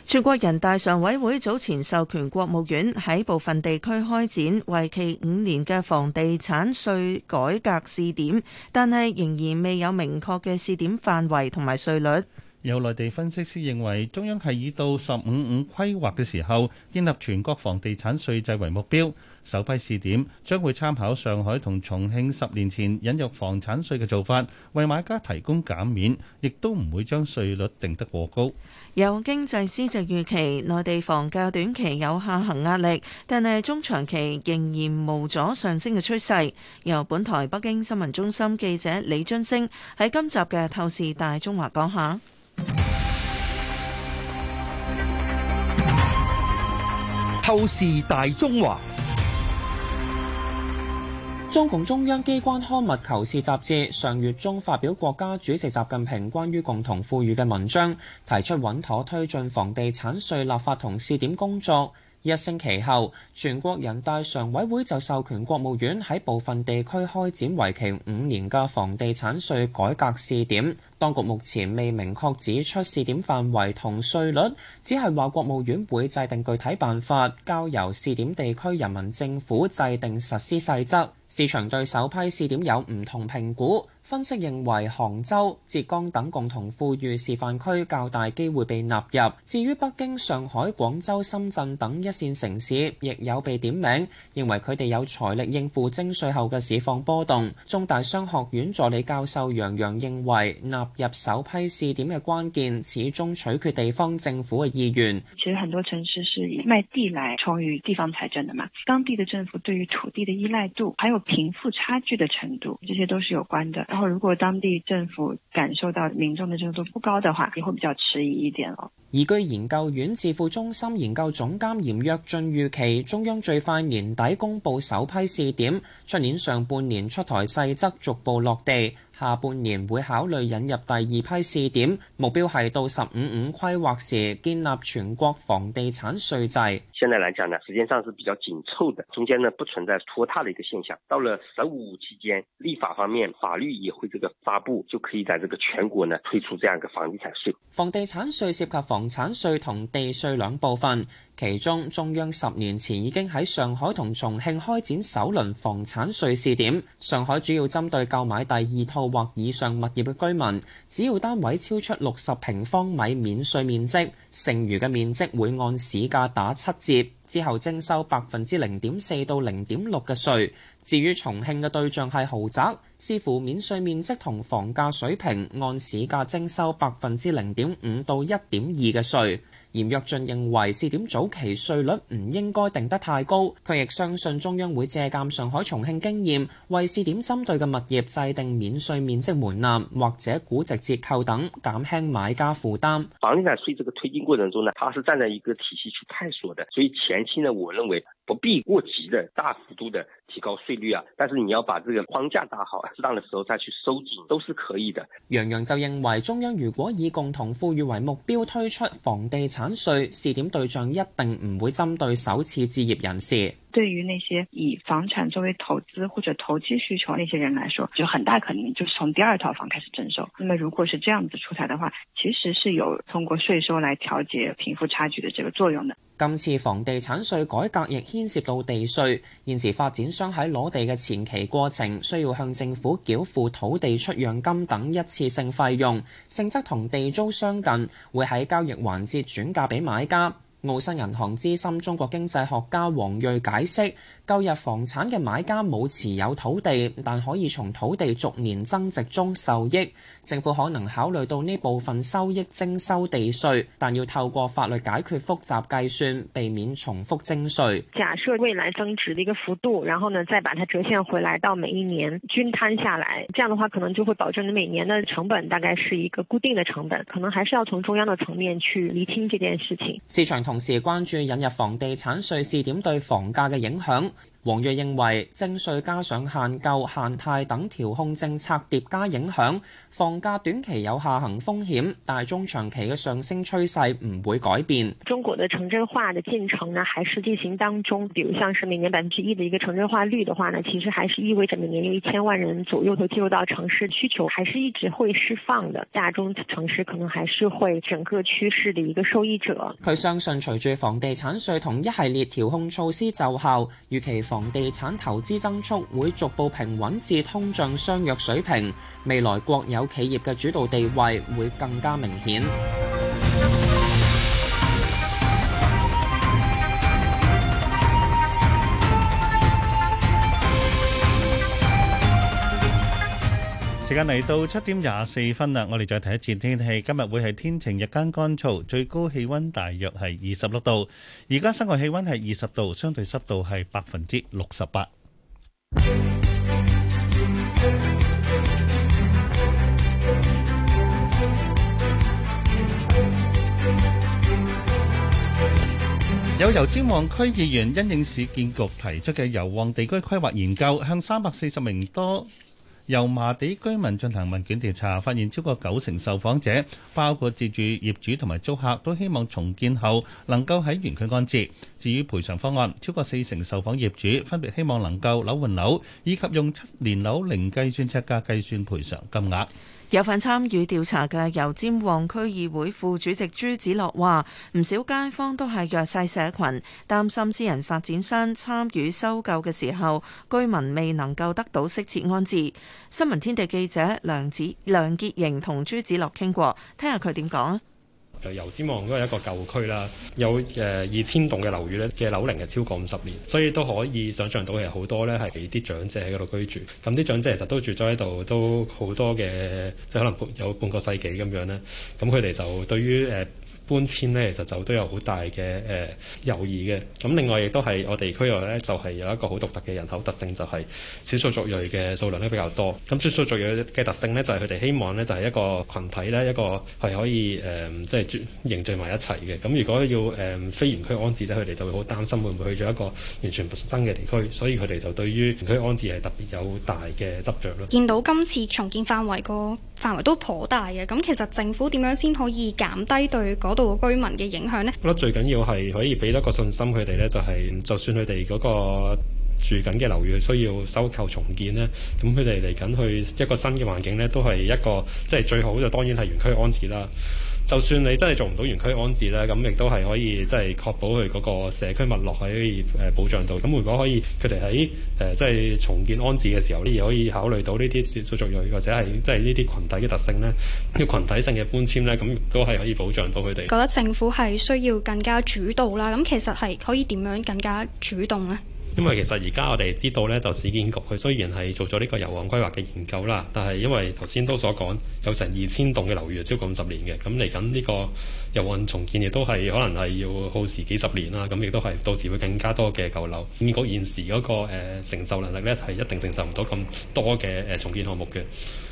全國人大常委會早前授權國務院喺部分地區開展為期五年嘅房地產稅改革試點，但係仍然未有明確嘅試點範圍同埋稅率。有內地分析師認為，中央係以到「十五五」規劃嘅時候建立全國房地產稅制為目標，首批試點將會參考上海同重慶十年前引入房產稅嘅做法，為買家提供減免，亦都唔會將稅率定得過高。有經濟師就預期，內地房價短期有下行壓力，但係中長期仍然無阻上升嘅趨勢。由本台北京新聞中心記者李津升喺今集嘅《透視大中華》講下。透視大中華，中共中央機關刊物求是雜誌《透視》雜誌上月中發表國家主席習近平關於共同富裕嘅文章，提出穩妥推進房地產稅立法同試點工作。一星期後，全國人大常委會就授權國務院喺部分地區開展為期五年嘅房地產稅改革試點，當局目前未明確指出試點範圍同稅率，只係話國務院會制定具體辦法，交由試點地區人民政府制定實施細則，市場對首批試點有唔同評估。分析認為杭州、浙江等共同富裕示範區較大機會被納入。至於北京、上海、廣州、深圳等一線城市，亦有被點名，認為佢哋有財力應付徵稅後嘅市況波動，中大商學院助理教授楊洋認為納入首批試點嘅關鍵始終取決地方政府嘅意願，其實很多城市是以賣地來充裕地方財政嘅嘛，當地的政府對於土地的依賴度，還有貧富差距的程度，這些都是有關的。如果當地政府感受到民眾的接受度不高的話，也會比較遲疑一點咯。而據研究院智庫中心研究總監嚴躍進預期，中央最快年底公布首批試點，出年上半年出台細則逐步落地，下半年會考慮引入第二批試點，目標係到十五五規劃時建立全國房地產稅制。現在來講呢，時間上是比較緊湊的，中間呢不存在拖沓的一個現象。到了十五期間，立法方面法律也會這個發布，就可以在這個全國呢推出這樣一個房地產稅。房地產稅涉及房產稅同地稅兩部分，其中中央十年前已經喺上海同重慶開展首輪房產稅試點。上海主要針對購買第二套或以上物業嘅居民，只要單位超出六十平方米免稅面積，剩餘嘅面積會按市價打七折。之後徵收百分之零點四到零點六嘅稅，至於重慶嘅對象係豪宅，視乎免稅面積同房價水平，按市價徵收百分之零點五到一點二嘅稅。嚴躍進認為試點早期稅率唔應該定得太高，佢亦相信中央會借鑒上海、重慶經驗，為試點針對嘅物業制定免稅面積門檻或者估值折扣等，減輕買家負擔。房地產稅這個推進過程中呢，它是站在一個體系去探索的，所以前期呢，我認為不必過急的大幅度的。提高稅率啊，但是你要把這個框架搭好，適當的時候再去收緊都是可以的。楊洋就認為，中央如果以共同富裕為目標推出房地產稅試點對象，一定唔會針對首次置業人士。對於那些以房產作為投資或者投機需求那些人來說，就很大可能就是從第二套房開始徵收。那麼如果是這樣子出台的話，其實是有通過稅收來調節貧富差距的這個作用的。今次房地產稅改革亦牽涉到地稅，現時發展，將喺攞地嘅前期過程，需要向政府繳付土地出讓金等一次性費用，性質同地租相近，會喺交易環節轉嫁俾買家。澳新銀行資深中國經濟學家黃瑞解釋，購入房產嘅買家冇持有土地，但可以從土地逐年增值中受益。政府可能考慮到呢部分收益徵收地稅，但要透過法律解決複雜計算，避免重複徵稅。假設未來增值的一個幅度，然後呢再把它折現回來，到每一年均攤下來，這樣的話可能就會保證你每年的成本大概是一個固定的成本，可能還是要從中央的層面去釐清這件事情。市場同時關注引入房地產稅試點對房價嘅影響。王若認為，徵稅加上限購、限貸等調控政策疊加影響，房價短期有下行風險，但係中長期嘅上升趨勢唔會改變。中國嘅城鎮化嘅進程呢，還是在進行當中。比如像是每年百分之一嘅一個城鎮化率嘅話呢，其實還是意味着每年有一千萬人左右都進入到城市，需求還是一直會釋放嘅。大中城市可能還是會整個趨勢嘅一個受益者。佢相信，隨住房地產稅同一系列調控措施奏效，預期房，房地產投資增速會逐步平穩至通脹相約水平，未來國有企業嘅主導地位會更加明顯。時間嚟到七點廿四分啦，我哋再睇一次天氣。今日會係天晴，日間乾燥，最高氣溫大約係二十六度。而家室外氣溫係二十度，相對濕度係百分之六十八。有油尖旺區議員因應市建局提出嘅油旺地區規劃研究，向三百四十名多。油麻地居民進行問卷調查，發現超過九成受訪者，包括自住業主同埋租客，都希望重建後能夠喺原區安置。至於賠償方案，超過四成受訪業主分別希望能夠樓換樓，以及用七年樓齡計算尺價計算賠償金額。有份參與調查嘅油尖旺區議會副主席朱子樂話：唔少街坊都係弱勢社群，擔心私人發展商參與收購嘅時候，居民未能夠得到適切安置。新聞天地記者梁子梁潔瑩同朱子樂傾過，聽下佢點講。油尖旺都係一個舊區啦，有誒二千棟嘅樓宇咧，嘅樓齡係超過五十年，所以都可以想象到其實好多咧係俾啲長者喺嗰度居住。咁啲長者其實都住咗喺度，都好多嘅即係可能有半個世紀咁樣咧。咁佢哋就對於誒。呃搬遷呢，其實就都有好大嘅誒猶豫嘅。咁、呃呃、另外，亦都係我哋區內呢，就係、是、有一個好獨特嘅人口特性，就係、是、少數族裔嘅數量呢比較多。咁少數族裔嘅特性呢，就係佢哋希望呢，就係、是、一個群體呢，一個係可以誒，即係凝聚埋一齊嘅。咁如果要誒、呃、非原區安置呢，佢哋就會好擔心會唔會去咗一個完全陌生嘅地區，所以佢哋就對於原區安置係特別有大嘅執着咯。見到今次重建範圍個。範圍都頗大嘅，咁其實政府點樣先可以減低對嗰度居民嘅影響呢？我覺得最緊要係可以俾得個信心佢哋呢，就係就算佢哋嗰個住緊嘅樓宇需要收購重建呢，咁佢哋嚟緊去一個新嘅環境呢，都係一個即係最好就當然係原區安置啦。就算你真係做唔到原區安置咧，咁亦都係可以即係確保佢嗰個社區物業可以誒保障到。咁如果可以，佢哋喺誒即係重建安置嘅時候呢，亦可以考慮到呢啲少數族裔或者係即係呢啲群體嘅特性咧，啲群體性嘅搬遷咧，咁都係可以保障到佢哋。覺得政府係需要更加主動啦。咁其實係可以點樣更加主動咧？因為其實而家我哋知道呢，就市建局佢雖然係做咗呢個油旺規劃嘅研究啦，但係因為頭先都所講有成二千棟嘅樓宇，超過五十年嘅，咁嚟緊呢個油旺重建亦都係可能係要耗時幾十年啦，咁、嗯、亦都係到時會更加多嘅舊樓，市建局現時嗰、那個、呃、承受能力呢，係一定承受唔到咁多嘅誒、呃、重建項目嘅。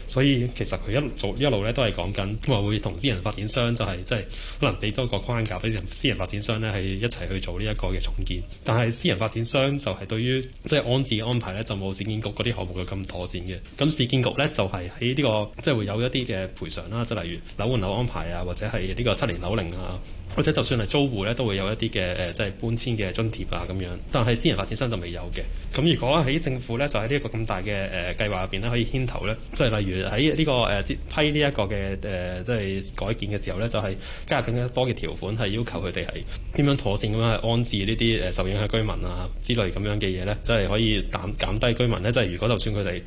所以其實佢一路做一路咧都係講緊，話會同私人發展商就係即係可能俾多個框架俾私人發展商咧係一齊去做呢一個嘅重建。但係私人發展商就係對於即係安置安排咧就冇市建局嗰啲項目嘅咁妥善嘅。咁市建局咧就係喺呢個即係、就是、會有一啲嘅賠償啦，即係例如樓換樓安排啊，或者係呢個七年樓齡啊。或者就算係租戶咧，都會有一啲嘅誒，即、呃、係、就是、搬遷嘅津貼啊，咁樣。但係私人發展商就未有嘅。咁如果喺政府咧，就喺呢一個咁大嘅誒計劃入邊咧，呃、面可以牽頭咧，即、就、係、是、例如喺呢、這個誒、呃、批呢一個嘅誒，即、呃、係、就是、改建嘅時候咧，就係、是、加更多嘅條款，係要求佢哋係點樣妥善咁樣係安置呢啲誒受影響居民啊之類咁樣嘅嘢咧，即、就、係、是、可以減減低居民咧，即、就、係、是、如果就算佢哋。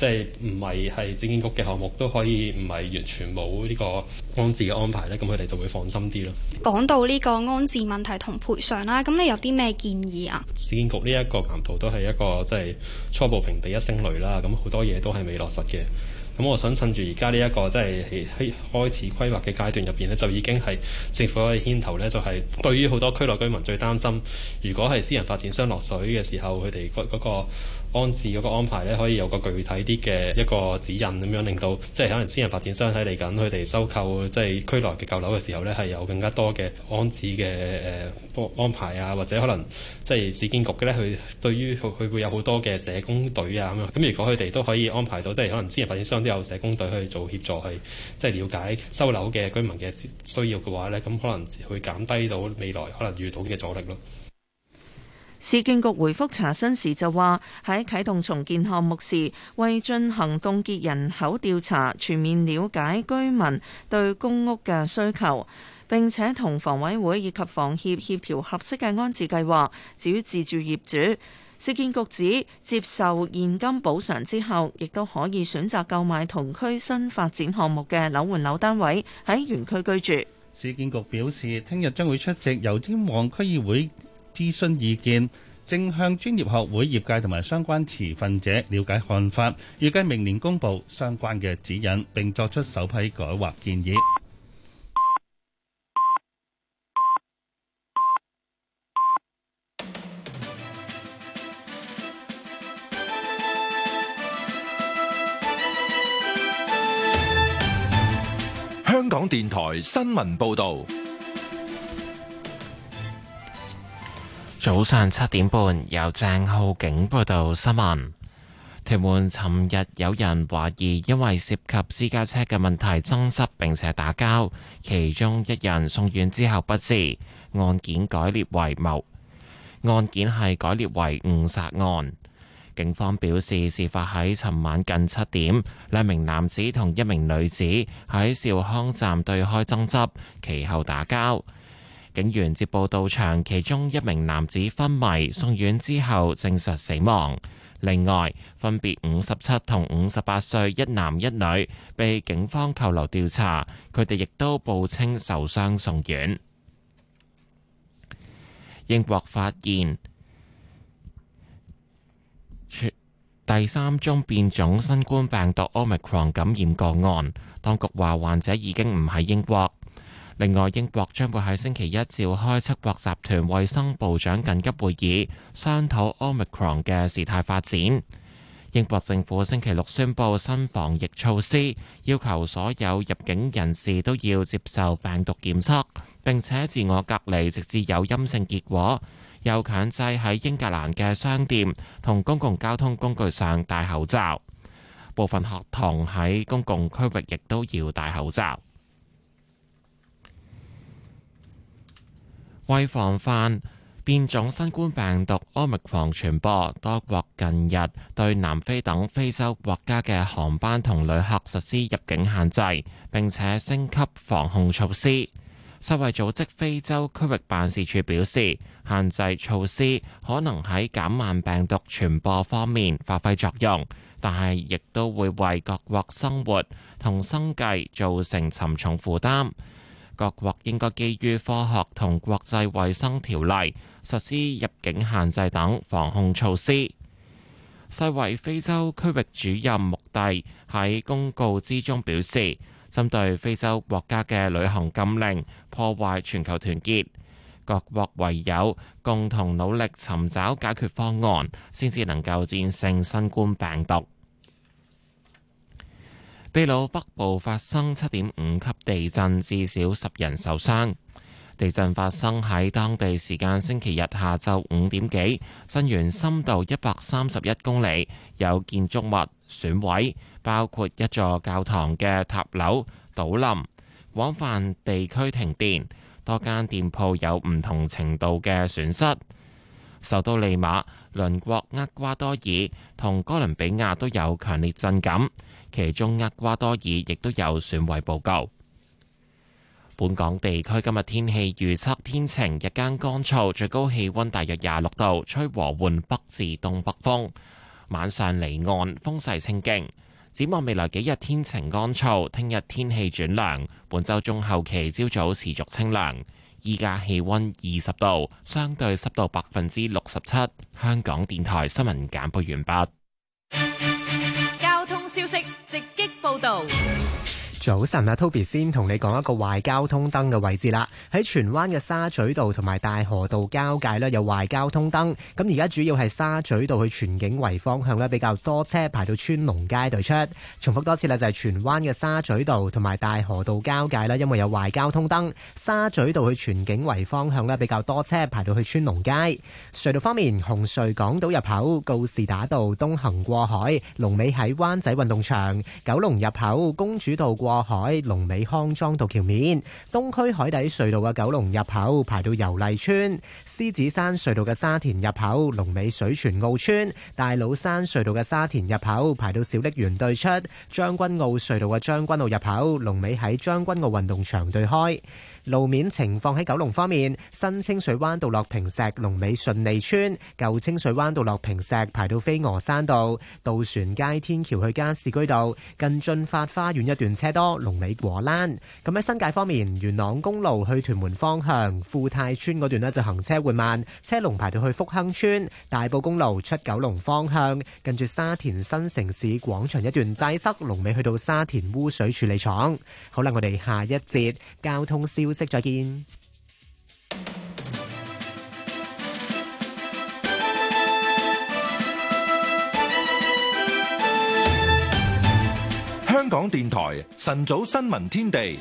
即係唔係係市建局嘅項目都可以唔係完全冇呢個安置嘅安排呢。咁佢哋就會放心啲咯。講到呢個安置問題同賠償啦，咁你有啲咩建議啊？市建局呢一個藍圖都係一個即係初步平地一聲雷啦，咁好多嘢都係未落實嘅。咁我想趁住而家呢一個即係喺開始規劃嘅階段入邊呢，就已經係政府可以牽頭呢，就係對於好多區內居民最擔心，如果係私人發展商落水嘅時候，佢哋嗰嗰個。安置嗰個安排咧，可以有個具體啲嘅一個指引，咁樣令到即係可能私人發展商喺嚟緊，佢哋收購即係區內嘅舊樓嘅時候咧，係有更加多嘅安置嘅誒、呃、安排啊，或者可能即係市建局嘅咧，佢對於佢佢會有好多嘅社工隊啊咁樣。咁如果佢哋都可以安排到，即係可能私人發展商都有社工隊去做協助去，去即係了解收樓嘅居民嘅需要嘅話咧，咁可能會減低到未來可能遇到嘅阻力咯。市建局回覆查詢時就話，喺啟動重建項目時，為進行凍結人口調查，全面了解居民對公屋嘅需求，並且同房委會以及房協協調合適嘅安置計劃。至於自住業主，市建局指接受現金補償之後，亦都可以選擇購買同區新發展項目嘅樓換樓單位喺原區居住。市建局表示，聽日將會出席油尖旺區議會，諮詢意見，正向專業學會、業界同埋相關持份者了解看法，預計明年公布相關嘅指引，並作出首批改劃建議。香港電台新聞報導。早上七點半，由鄭浩景報道新聞。屯門尋日有人懷疑因為涉及私家車嘅問題爭執，並且打交，其中一人送院之後不治，案件改列為謀，案件係改列為誤殺案。警方表示，事發喺尋晚近七點，兩名男子同一名女子喺兆康站對開爭執，其後打交。警員接報到場，其中一名男子昏迷送院之後證實死亡。另外，分別五十七同五十八歲一男一女被警方扣留調查，佢哋亦都報稱受傷送院。英國發現第三宗變種新冠病毒 Omicron 感染個案，當局話患者已經唔喺英國。另外，英國將會喺星期一召開七國集團衛生部長緊急會議，商討 Omicron 嘅事態發展。英國政府星期六宣布新防疫措施，要求所有入境人士都要接受病毒檢測，並且自我隔離直至有陰性結果，又強制喺英格蘭嘅商店同公共交通工具上戴口罩，部分學童喺公共區域亦都要戴口罩。為防範變種新冠病毒奧密克戎傳播，多國近日對南非等非洲國家嘅航班同旅客實施入境限制，並且升級防控措施。世衛組織非洲區域辦事處表示，限制措施可能喺減慢病毒傳播方面發揮作用，但係亦都會為各國生活同生計造成沉重負擔。各國應該基於科學同國際衛生條例實施入境限制等防控措施。世衛非洲區域主任穆蒂喺公告之中表示，針對非洲國家嘅旅行禁令破壞全球團結，各國唯有共同努力尋找解決方案，先至能夠戰勝新冠病毒。秘魯北部發生七點五級地震，至少十人受傷。地震發生喺當地時間星期日下晝五點幾，震源深度一百三十一公里，有建築物損毀，包括一座教堂嘅塔樓倒冧，廣泛地區停電，多間店鋪有唔同程度嘅損失。首都利馬，鄰國厄瓜多爾同哥倫比亞都有強烈震感。其中厄瓜多爾亦都有損毀報告。本港地區今日天，天氣預測，天晴，日間乾燥，最高氣溫大約廿六度，吹和緩北至東北風。晚上離岸風勢清勁。展望未來幾日天晴乾燥，聽日天氣轉涼，本周中後期朝早持續清涼。依家氣溫二十度，相對濕度百分之六十七。香港電台新聞簡報完畢。消息直擊報導。早晨啊，Toby 先同你講一個壞交通燈嘅位置啦。喺荃灣嘅沙咀道同埋大河道交界咧，有壞交通燈。咁而家主要係沙咀道去荃景圍方向咧，比較多車排到川龍街對出。重複多次啦，就係荃灣嘅沙咀道同埋大河道交界啦，因為有壞交通燈。沙咀道去荃景圍方向咧，比較多車排到去川龍街。隧道方面，紅隧港島入口告士打道東行過海，龍尾喺灣仔運動場；九龍入口公主道過。過海龍尾康莊道橋面，東區海底隧道嘅九龍入口排到油麗村，獅子山隧道嘅沙田入口龍尾水泉澳村，大老山隧道嘅沙田入口排到小瀝源對出，將軍澳隧道嘅將軍澳入口龍尾喺將軍澳運動場對開。路面情況喺九龍方面，新清水灣道落坪石龍尾順利村，舊清水灣道落坪石排到飛鵝山道，渡船街天橋去加士居道，近駿發花園一段車多，龍尾果欄。咁喺新界方面，元朗公路去屯門方向，富泰村嗰段呢就行車緩慢，車龍排到去福亨村。大埔公路出九龍方向，跟住沙田新城市廣場一段擠塞，龍尾去到沙田污水處理廠。好啦，我哋下一節交通消消息再見。香港電台晨早新聞天地，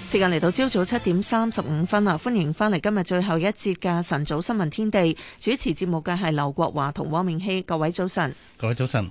時間嚟到朝早七點三十五分啦！歡迎翻嚟今日最後一節嘅晨早新聞天地，主持節目嘅係劉國華同汪明希，各位早晨，各位早晨。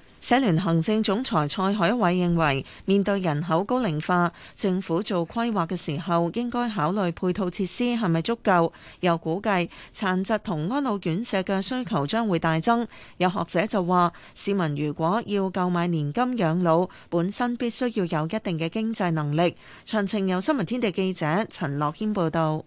社聯行政總裁蔡海偉認為，面對人口高齡化，政府做規劃嘅時候應該考慮配套設施係咪足夠。又估計殘疾同安老院舍嘅需求將會大增。有學者就話，市民如果要購買年金養老，本身必須要有一定嘅經濟能力。詳情由新聞天地記者陳樂謙報道。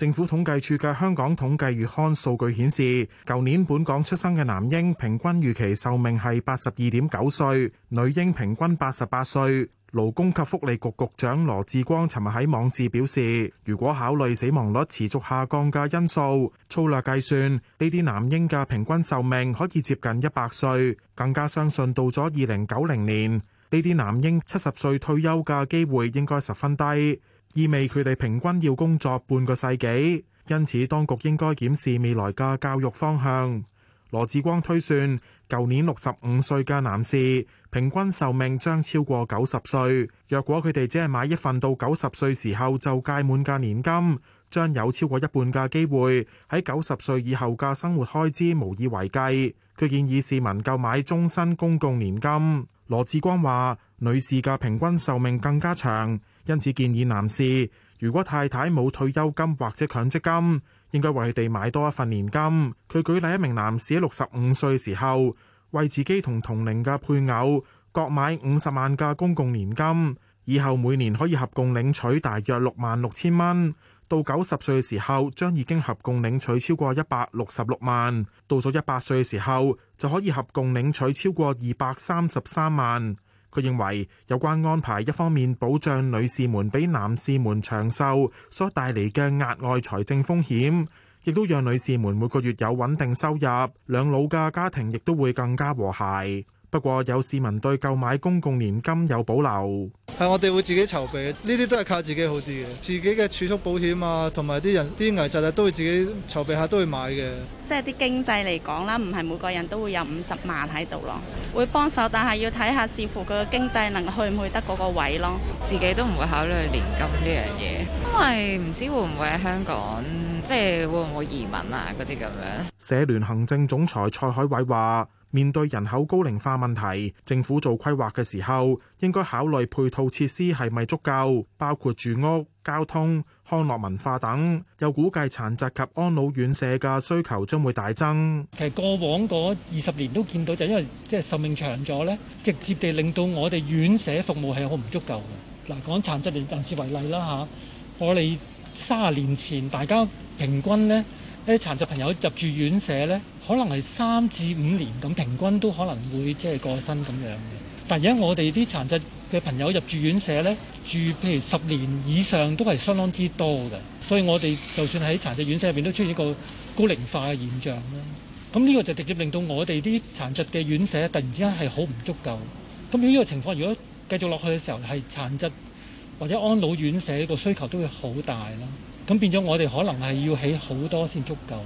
政府統計處嘅香港統計月刊數據顯示，舊年本港出生嘅男嬰平均預期壽命係八十二點九歲，女嬰平均八十八歲。勞工及福利局局長羅致光尋日喺網誌表示，如果考慮死亡率持續下降嘅因素，粗略計算，呢啲男嬰嘅平均壽命可以接近一百歲，更加相信，到咗二零九零年，呢啲男嬰七十歲退休嘅機會應該十分低。意味佢哋平均要工作半個世紀，因此當局應該檢視未來嘅教育方向。羅志光推算，舊年六十五歲嘅男士平均壽命將超過九十歲。若果佢哋只係買一份到九十歲時候就屆滿嘅年金，將有超過一半嘅機會喺九十歲以後嘅生活開支無以為繼。佢建議市民購買終身公共年金。羅志光話，女士嘅平均壽命更加長。因此建議男士，如果太太冇退休金或者強積金，應該為佢哋買多一份年金。佢舉例一名男士喺六十五歲時候，為自己同同齡嘅配偶各買五十萬嘅公共年金，以後每年可以合共領取大約六萬六千蚊。到九十歲嘅時候，將已經合共領取超過一百六十六萬。到咗一百歲嘅時候，就可以合共領取超過二百三十三萬。佢認為有關安排，一方面保障女士們比男士們長壽所帶嚟嘅額外財政風險，亦都讓女士們每個月有穩定收入，兩老嘅家庭亦都會更加和諧。不過有市民對購買公共年金有保留，係我哋會自己籌備，呢啲都係靠自己好啲嘅，自己嘅儲蓄保險啊，同埋啲人啲危疾啊，都會自己籌備下，都會買嘅。即係啲經濟嚟講啦，唔係每個人都會有五十萬喺度咯，會幫手，但係要睇下視乎佢嘅經濟能去唔去得嗰個位咯。自己都唔會考慮年金呢樣嘢，因為唔知會唔會喺香港，即係會唔會移民啊嗰啲咁樣。社聯行政總裁蔡海偉話。面對人口高齡化問題，政府做規劃嘅時候應該考慮配套設施係咪足夠，包括住屋、交通、康樂文化等。又估計殘疾及安老院舍嘅需求將會大增。其實過往嗰二十年都見到，就因為即係壽命長咗呢，直接地令到我哋院舍服務係好唔足夠嘅。嗱，講殘疾人士為例啦嚇，我哋三十年前大家平均呢。啲殘疾朋友入住院舍咧，可能係三至五年咁，平均都可能會即係過身咁樣。但而家我哋啲殘疾嘅朋友入住院舍咧，住譬如十年以上都係相當之多嘅，所以我哋就算喺殘疾院舍入邊都出現一個高齡化嘅現象啦。咁呢個就直接令到我哋啲殘疾嘅院舍突然之間係好唔足夠。咁呢個情況如果繼續落去嘅時候，係殘疾或者安老院舍個需求都會好大啦。咁變咗，我哋可能係要起好多先足夠。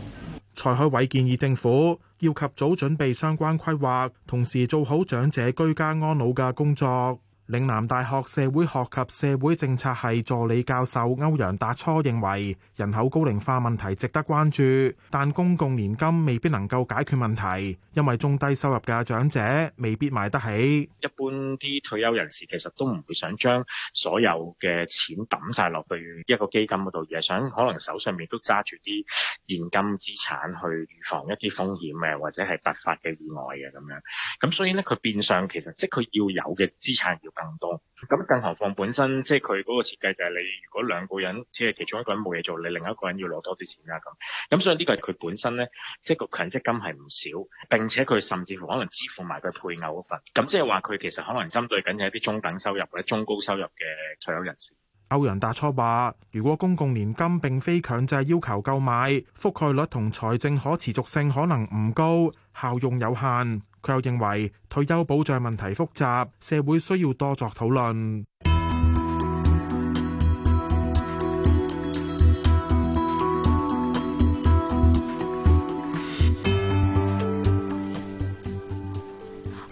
蔡海偉建議政府要及早準備相關規劃，同時做好長者居家安老嘅工作。嶺南大學社會學及社會政策系助理教授歐陽達初認為，人口高齡化問題值得關注，但公共年金未必能夠解決問題，因為中低收入嘅長者未必買得起。一般啲退休人士其實都唔會想將所有嘅錢抌晒落去一個基金嗰度，而係想可能手上面都揸住啲現金資產去預防一啲風險嘅，或者係突發嘅意外嘅咁樣。咁所以咧，佢變相其實即係佢要有嘅資產要更多，咁更何況本身即係佢嗰個設計就係你如果兩個人只係其中一個人冇嘢做，你另一個人要攞多啲錢啦咁。咁所以呢個係佢本身咧，即係個強積金係唔少，並且佢甚至乎可能支付埋佢配偶份。咁即係話，佢其實可能針對緊有一啲中等收入或者中高收入嘅退休人士。歐陽達初話：如果公共年金並非強制要求購買，覆蓋率同財政可持續性可能唔高，效用有限。佢又認為退休保障問題複雜，社會需要多作討論。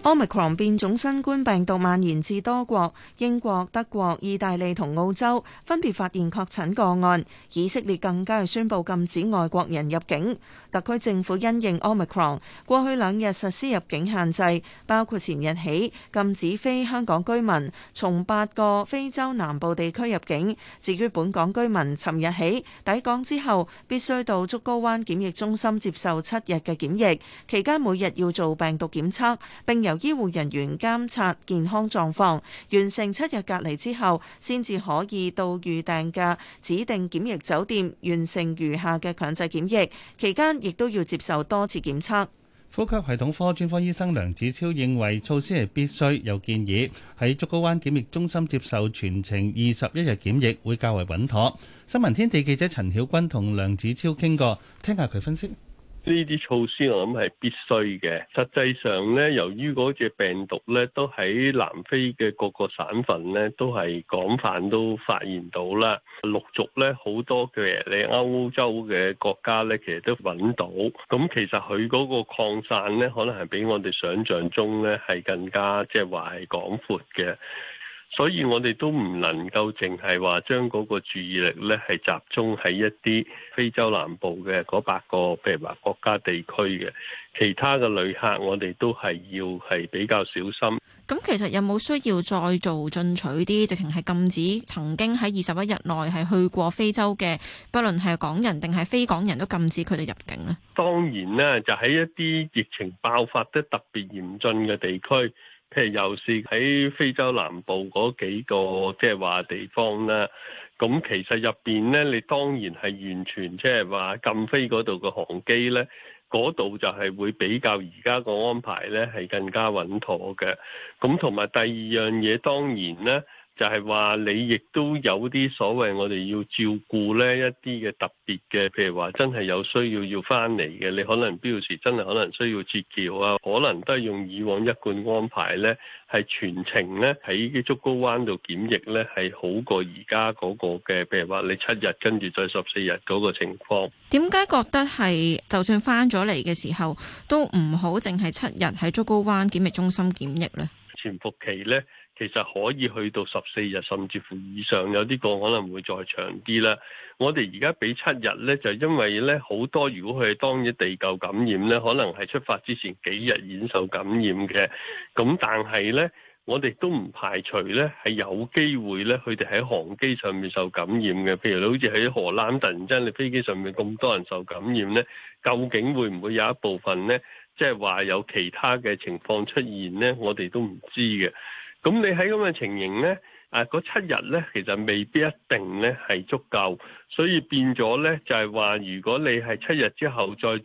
Omicron 變種新冠病毒蔓延至多國，英國、德國、意大利同澳洲分別發現確診個案，以色列更加係宣布禁止外國人入境。特區政府因應 Omicron，過去兩日實施入境限制，包括前日起禁止非香港居民從八個非洲南部地區入境。至於本港居民，尋日起抵港之後，必須到竹篙灣檢疫中心接受七日嘅檢疫，期間每日要做病毒檢測，並由醫護人員監察健康狀況。完成七日隔離之後，先至可以到預訂嘅指定檢疫酒店完成餘下嘅強制檢疫期間。亦都要接受多次檢測。呼吸系統科專科醫生梁子超認為措施係必須，又建議喺竹篙灣檢疫中心接受全程二十一日檢疫會較為穩妥。新聞天地記者陳曉君同梁子超傾過，聽下佢分析。呢啲措施我諗係必須嘅。實際上呢，由於嗰隻病毒呢都喺南非嘅各個省份呢都係廣泛都發現到啦，陸續呢好多嘅你歐洲嘅國家呢其實都揾到。咁其實佢嗰個擴散呢，可能係比我哋想象中呢係更加即係話係廣闊嘅。所以我哋都唔能夠淨係話將嗰個注意力呢係集中喺一啲非洲南部嘅嗰八個譬如話國家地區嘅，其他嘅旅客我哋都係要係比較小心。咁其實有冇需要再做進取啲，直情係禁止曾經喺二十一日內係去過非洲嘅，不論係港人定係非港人都禁止佢哋入境呢？當然啦，就喺一啲疫情爆發得特別嚴峻嘅地區。譬如又試喺非洲南部嗰幾個即係話地方啦，咁其實入邊咧，你當然係完全即係話禁飛嗰度嘅航機咧，嗰度就係會比較而家個安排咧係更加穩妥嘅。咁同埋第二樣嘢當然咧。就係話你亦都有啲所謂我哋要照顧呢一啲嘅特別嘅，譬如話真係有需要要翻嚟嘅，你可能必要時真係可能需要撤僑啊，可能都係用以往一貫安排呢，係全程呢喺竹篙灣度檢疫呢，係好過而家嗰個嘅，譬如話你七日跟住再十四日嗰個情況。點解覺得係就算翻咗嚟嘅時候都唔好淨係七日喺竹篙灣檢疫中心檢疫呢？潛伏期呢？其實可以去到十四日，甚至乎以上，有啲個可能會再長啲啦。我哋而家俾七日呢，就因為呢好多如果係當日地球感染呢，可能係出發之前幾日已受感染嘅。咁但係呢，我哋都唔排除呢係有機會呢，佢哋喺航機上面受感染嘅。譬如好似喺荷蘭突然間，你飛機上面咁多人受感染呢，究竟會唔會有一部分呢？即係話有其他嘅情況出現呢，我哋都唔知嘅。咁你喺咁嘅情形呢，啊嗰七日呢，其實未必一定呢係足夠，所以變咗呢，就係話，如果你係七日之後再轉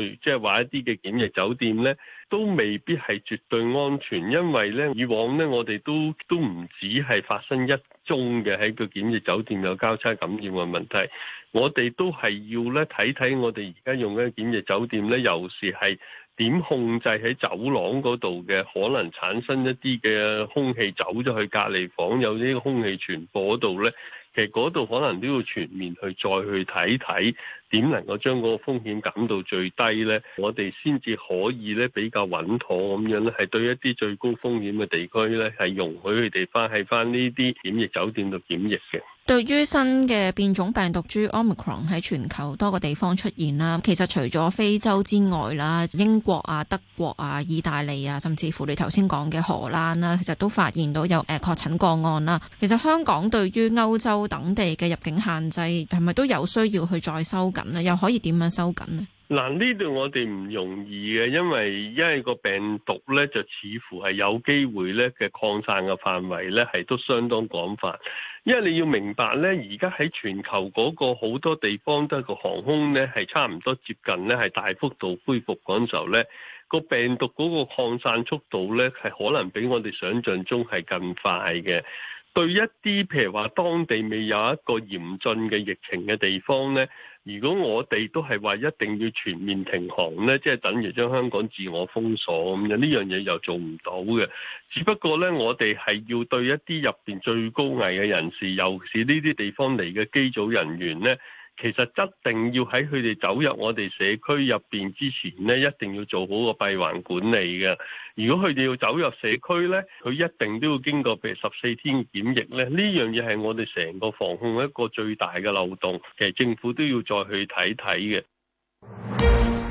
去，即係話一啲嘅檢疫酒店呢，都未必係絕對安全，因為呢以往呢，我哋都都唔止係發生一宗嘅喺個檢疫酒店有交叉感染嘅問題，我哋都係要呢睇睇我哋而家用嘅檢疫酒店呢，又是係。點控制喺走廊嗰度嘅可能產生一啲嘅空氣走咗去隔離房，有呢個空氣傳播度呢？其實嗰度可能都要全面去再去睇睇，點能夠將嗰個風險減到最低呢？我哋先至可以呢比較穩妥咁樣咧，係對一啲最高風險嘅地區呢，係容許佢哋返喺返呢啲檢疫酒店度檢疫嘅。對於新嘅變種病毒株 Omicron 喺全球多個地方出現啦，其實除咗非洲之外啦，英國啊、德國啊、意大利啊，甚至乎你頭先講嘅荷蘭啦，其實都發現到有誒確診個案啦。其實香港對於歐洲等地嘅入境限制係咪都有需要去再收緊呢？又可以點樣收緊呢？嗱，呢度我哋唔容易嘅，因為因為個病毒咧就似乎係有機會咧嘅擴散嘅範圍咧係都相當廣泛，因為你要明白咧，而家喺全球嗰個好多地方都個航空咧係差唔多接近咧係大幅度恢復嗰陣時候咧，個病毒嗰個擴散速度咧係可能比我哋想象中係更快嘅，對一啲譬如話當地未有一個嚴峻嘅疫情嘅地方咧。如果我哋都係話一定要全面停航呢，即係等如將香港自我封鎖咁樣，呢樣嘢又做唔到嘅。只不過呢，我哋係要對一啲入邊最高危嘅人士，尤其是呢啲地方嚟嘅機組人員呢。其實，一定要喺佢哋走入我哋社區入邊之前呢，一定要做好個閉環管理嘅。如果佢哋要走入社區呢，佢一定都要經過譬如十四天檢疫咧。呢樣嘢係我哋成個防控一個最大嘅漏洞，其實政府都要再去睇睇嘅。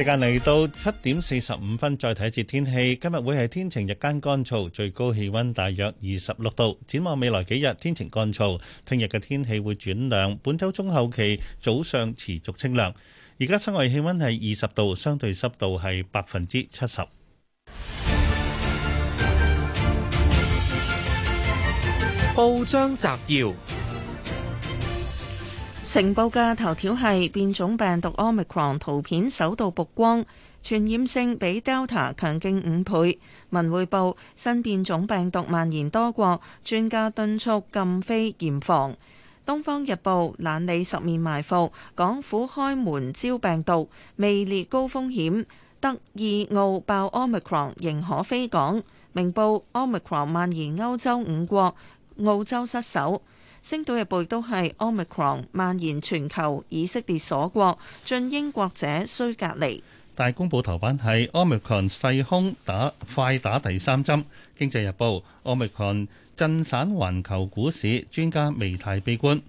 時間嚟到七點四十五分，再睇一節天氣。今日會係天晴，日間乾燥，最高氣溫大約二十六度。展望未來幾日，天晴乾燥。聽日嘅天氣會轉涼，本周中後期早上持續清涼。而家室外氣溫係二十度，相對濕度係百分之七十。報章摘要。成報嘅頭條係變種病毒 Omicron 圖片首度曝光，傳染性比 Delta 強勁五倍。文匯報新變種病毒蔓延多國，專家敦促禁飛嚴防。東方日報懶理十面埋伏，港府開門招病毒，未列高風險。德意澳爆 Omicron 仍可飛港。明報 Omicron 蔓延歐洲五國，澳洲失守。星島日報都係 Omicron 蔓延全球，以色列鎖國進英國者需隔離。大公報頭版係 Omicron 勢空打快打第三針。經濟日報 Omicron 震散環球股市，專家微太悲觀。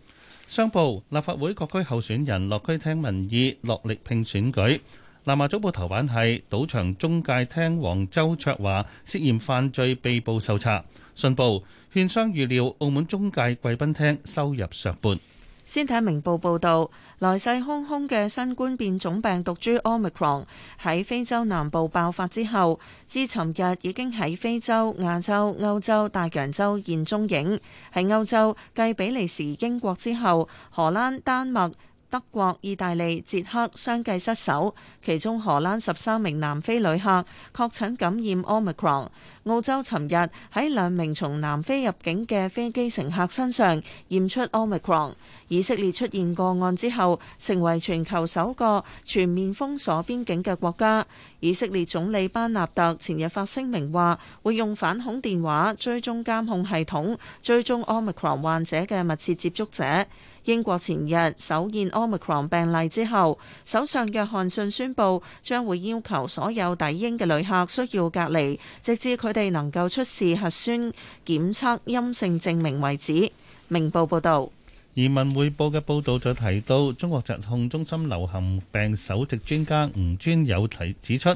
商報立法會各區候選人落區聽民意，落力拼選舉。南華早報頭版係賭場中介廳王周焯華涉嫌犯罪被捕受查。信報券商預料，澳門中介貴賓廳收入削半。先睇明報報道，來勢洶洶嘅新冠變種病毒株 Omicron 喺非洲南部爆發之後，至尋日已經喺非洲、亞洲、歐洲、大洋洲現蹤影。喺歐洲，繼比利時、英國之後，荷蘭、丹麥、德國、意大利、捷克相繼失守，其中荷蘭十三名南非旅客確診感染 Omicron。澳洲尋日喺兩名從南非入境嘅飛機乘客身上驗出 Omicron。以色列出現個案之後，成為全球首個全面封鎖邊境嘅國家。以色列總理班納特前日發聲明話，會用反恐電話追蹤監控系統追蹤 Omicron 患者嘅密切接觸者。英國前日首現 Omicron 病例之後，首相約翰遜宣布將會要求所有抵英嘅旅客需要隔離，直至佢哋能夠出示核酸檢測陰性證明為止。明報報道：移民會報嘅報導就提到，中國疾控中心流行病首席專家吳尊友提指出。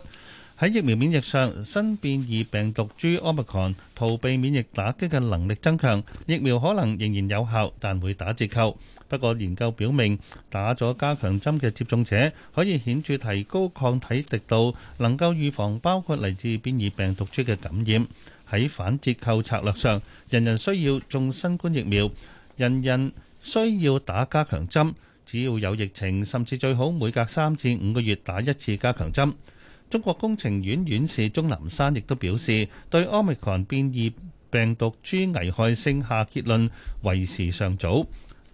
喺疫苗免疫上，新變異病毒株奧密克戎逃避免疫打擊嘅能力增強，疫苗可能仍然有效，但會打折扣。不過研究表明打咗加強針嘅接種者可以顯著提高抗體滴度，能夠預防包括嚟自變異病毒株嘅感染。喺反折扣策略上，人人需要種新冠疫苗，人人需要打加強針，只要有疫情，甚至最好每隔三至五個月打一次加強針。中國工程院院士鍾南山亦都表示，對奧密克戎變異病毒株危害性下結論為時尚早。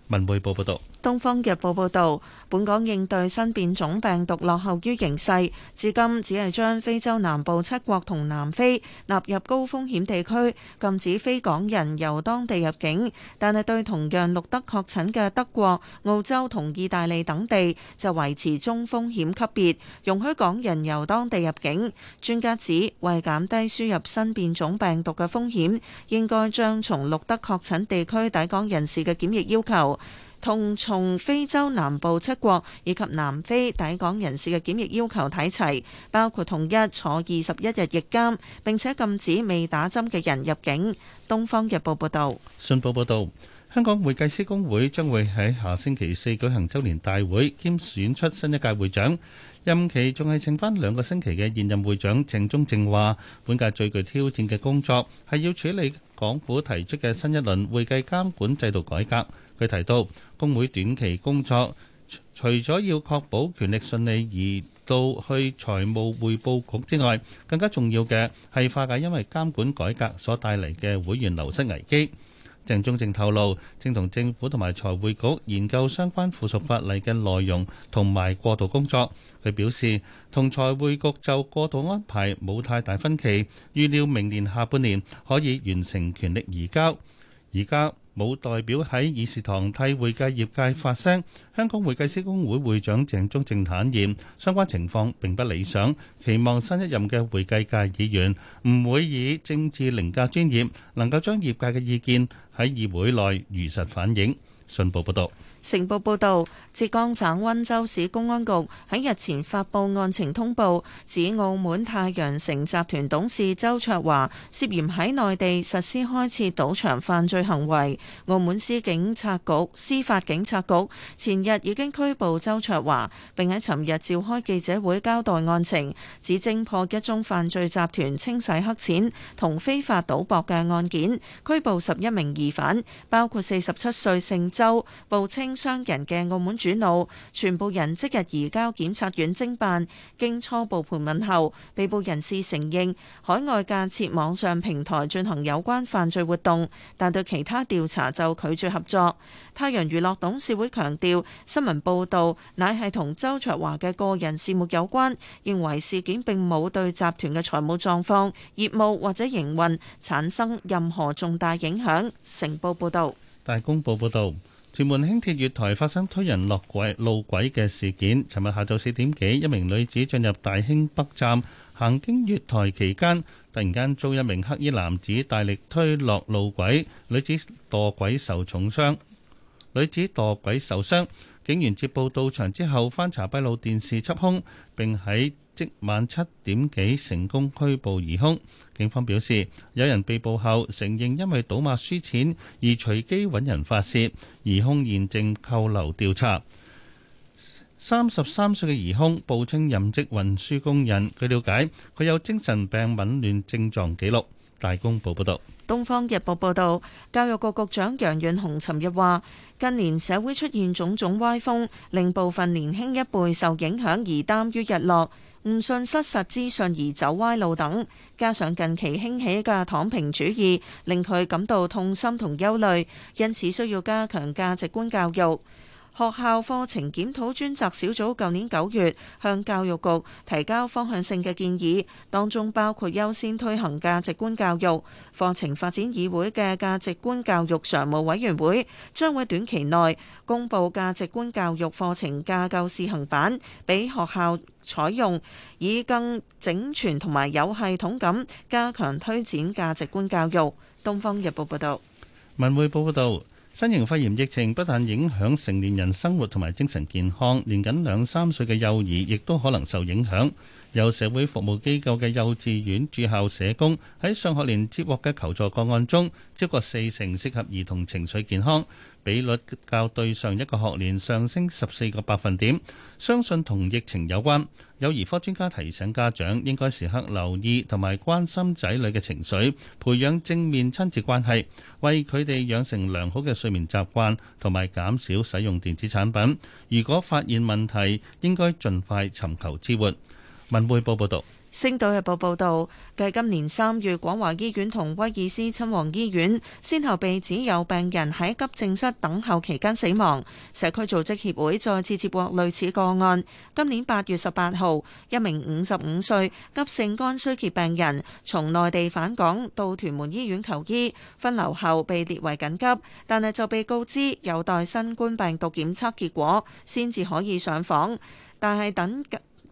文匯報報導。《東方日報》報道，本港應對新變種病毒落後於形勢，至今只係將非洲南部七國同南非納入高風險地區，禁止非港人由當地入境。但係對同樣錄得確診嘅德國、澳洲同意大利等地就維持中風險級別，容許港人由當地入境。專家指，為減低輸入新變種病毒嘅風險，應該將從錄得確診地區抵港人士嘅檢疫要求。同從非洲南部七國以及南非抵港人士嘅檢疫要求睇齊，包括同一坐二十一日疫監，並且禁止未打針嘅人入境。《東方日報》報導，《信報》報導，香港會計師公會將會喺下星期四舉行周年大會，兼選出新一屆會長，任期仲係剩返兩個星期嘅現任會長鄭中正話，本屆最具挑戰嘅工作係要處理港府提出嘅新一輪會計監管制度改革。佢提到，工會短期工作除咗要確保權力順利移到去財務匯報局之外，更加重要嘅係化解因為監管改革所帶嚟嘅會員流失危機。鄭中正透露，正同政府同埋財會局研究相關附屬法例嘅內容同埋過渡工作。佢表示，同財會局就過渡安排冇太大分歧，預料明年下半年可以完成權力移交。而家。冇代表喺議事堂替會計業界發聲。香港會計師公會會長鄭中正坦言，相關情況並不理想，期望新一任嘅會計界議員唔會以政治凌駕專業，能夠將業界嘅意見喺議會內如實反映。信報報道。成報報道。浙江省溫州市公安局喺日前發佈案情通報，指澳門太陽城集團董事周卓華涉嫌喺內地實施開設賭場犯罪行為。澳門司警察局司法警察局前日已經拘捕周卓華，並喺尋日召開記者會交代案情，指偵破一宗犯罪集團清洗黑錢同非法賭博嘅案件，拘捕十一名疑犯，包括四十七歲姓周、報稱傷人嘅澳門。主腦，全部人即日移交檢察院偵辦。經初步盤問後，被捕人士承認海外架設網上平台進行有關犯罪活動，但對其他調查就拒絕合作。太陽娛樂董事會強調，新聞報導乃係同周卓華嘅個人事務有關，認為事件並冇對集團嘅財務狀況、業務或者營運產生任何重大影響。成報報道。大公報報導。屯門輕鐵月台發生推人落軌路軌嘅事件。尋日下晝四點幾，一名女子進入大興北站，行經月台期間，突然間遭一名黑衣男子大力推落路軌，女子墮軌受重傷。女子墮軌受傷，警員接報到場之後，翻查閉路電視空，緝兇並喺即晚七點幾成功拘捕疑兇，警方表示有人被捕後承認因為賭馬輸錢而隨機揾人發泄，疑兇現正扣留調查。三十三歲嘅疑兇，報稱任職運輸工人。據了解，佢有精神病紊亂症狀記錄。大公報報道，《東方日報》報道，教育局局長楊潤雄尋日話：近年社會出現種種歪風，令部分年輕一輩受影響而耽於日落。誤信失實資訊而走歪路等，加上近期興起嘅躺平主義，令佢感到痛心同憂慮，因此需要加強價值觀教育。學校課程檢討專責小組舊年九月向教育局提交方向性嘅建議，當中包括優先推行價值觀教育。課程發展議會嘅價值觀教育常務委員會將會短期內公布價值觀教育課程架構試行版俾學校採用，以更整全同埋有系統咁加強推展價值觀教育。《東方日報》報道。《文匯報》報道。新型肺炎疫情不但影響成年人生活同埋精神健康，年僅兩三歲嘅幼兒亦都可能受影響。有社會服務機構嘅幼稚園駐校社工喺上學年接獲嘅求助個案中，超過四成涉及兒童情緒健康，比率較對上一個學年上升十四個百分點。相信同疫情有關。有兒科專家提醒家長，應該時刻留意同埋關心仔女嘅情緒，培養正面親子關係，為佢哋養成良好嘅睡眠習慣，同埋減少使用電子產品。如果發現問題，應該盡快尋求支援。文匯報報道，星島日報報道，繼今年三月廣華醫院同威爾斯親王醫院先後被指有病人喺急症室等候期間死亡，社區組織協會再次接獲類似個案。今年八月十八號，一名五十五歲急性肝衰竭病人從內地返港到屯門醫院求醫，分流後被列為緊急，但係就被告知有待新冠病毒檢測結果先至可以上房，但係等。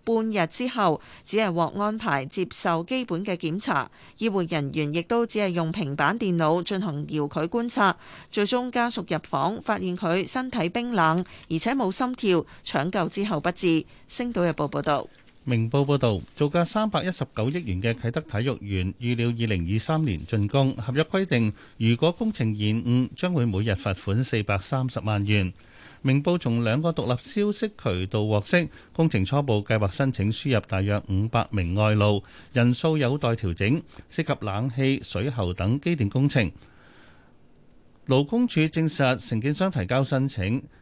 半日之後，只係獲安排接受基本嘅檢查，醫護人員亦都只係用平板電腦進行遙距觀察。最終，家屬入房發現佢身體冰冷，而且冇心跳，搶救之後不治。星島日報報道，明報報道，造價三百一十九億元嘅啟德體育園預料二零二三年竣工，合約規定，如果工程延誤，將會每日罰款四百三十萬元。明報從兩個獨立消息渠道獲悉，工程初步計劃申請輸入大約五百名外勞，人數有待調整，涉及冷氣、水喉等機電工程。勞工處證實承建商提交申請。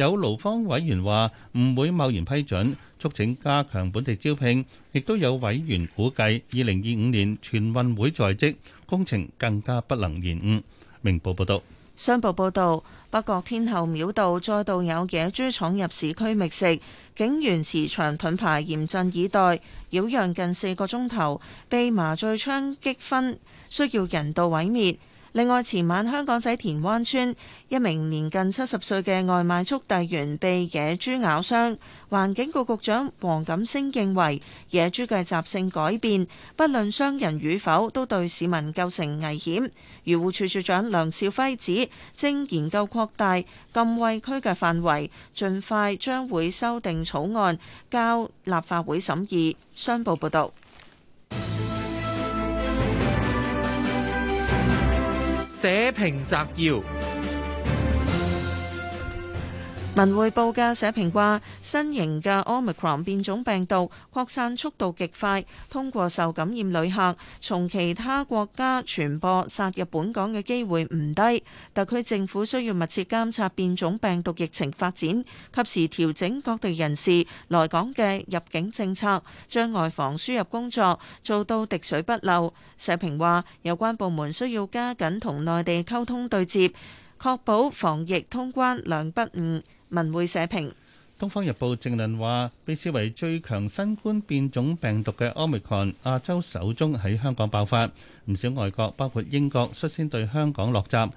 有勞方委員話唔會貿然批准，促請加強本地招聘。亦都有委員估計，二零二五年全運會在即，工程更加不能延誤。明報報道。商報報道，北角天后廟道再度有野豬闖入市區覓食，警員持長盾牌嚴陣以待，擾攘近四個鐘頭，被麻醉槍擊昏，需要人道毀滅。另外，前晚香港仔田灣邨一名年近七十歲嘅外賣速遞員被野豬咬傷，環境局局長黃錦星認為野豬嘅習性改變，不論傷人與否，都對市民構成危險，漁護署署長梁少輝指，正研究擴大禁餵區嘅範圍，盡快將會修訂草案交立法會審議，商報報道。寫評摘要。文匯報嘅社評話：新型嘅 Omicron 變種病毒擴散速度極快，通過受感染旅客從其他國家傳播殺入本港嘅機會唔低。特區政府需要密切監察變種病毒疫情發展，及時調整各地人士來港嘅入境政策，將外防輸入工作做到滴水不漏。社評話，有關部門需要加緊同內地溝通對接，確保防疫通關兩不誤。文匯社評，《東方日報》正論話，被視為最強新冠變種病毒嘅 Omicron 亞洲首宗喺香港爆發，唔少外國包括英國率先對香港落閘。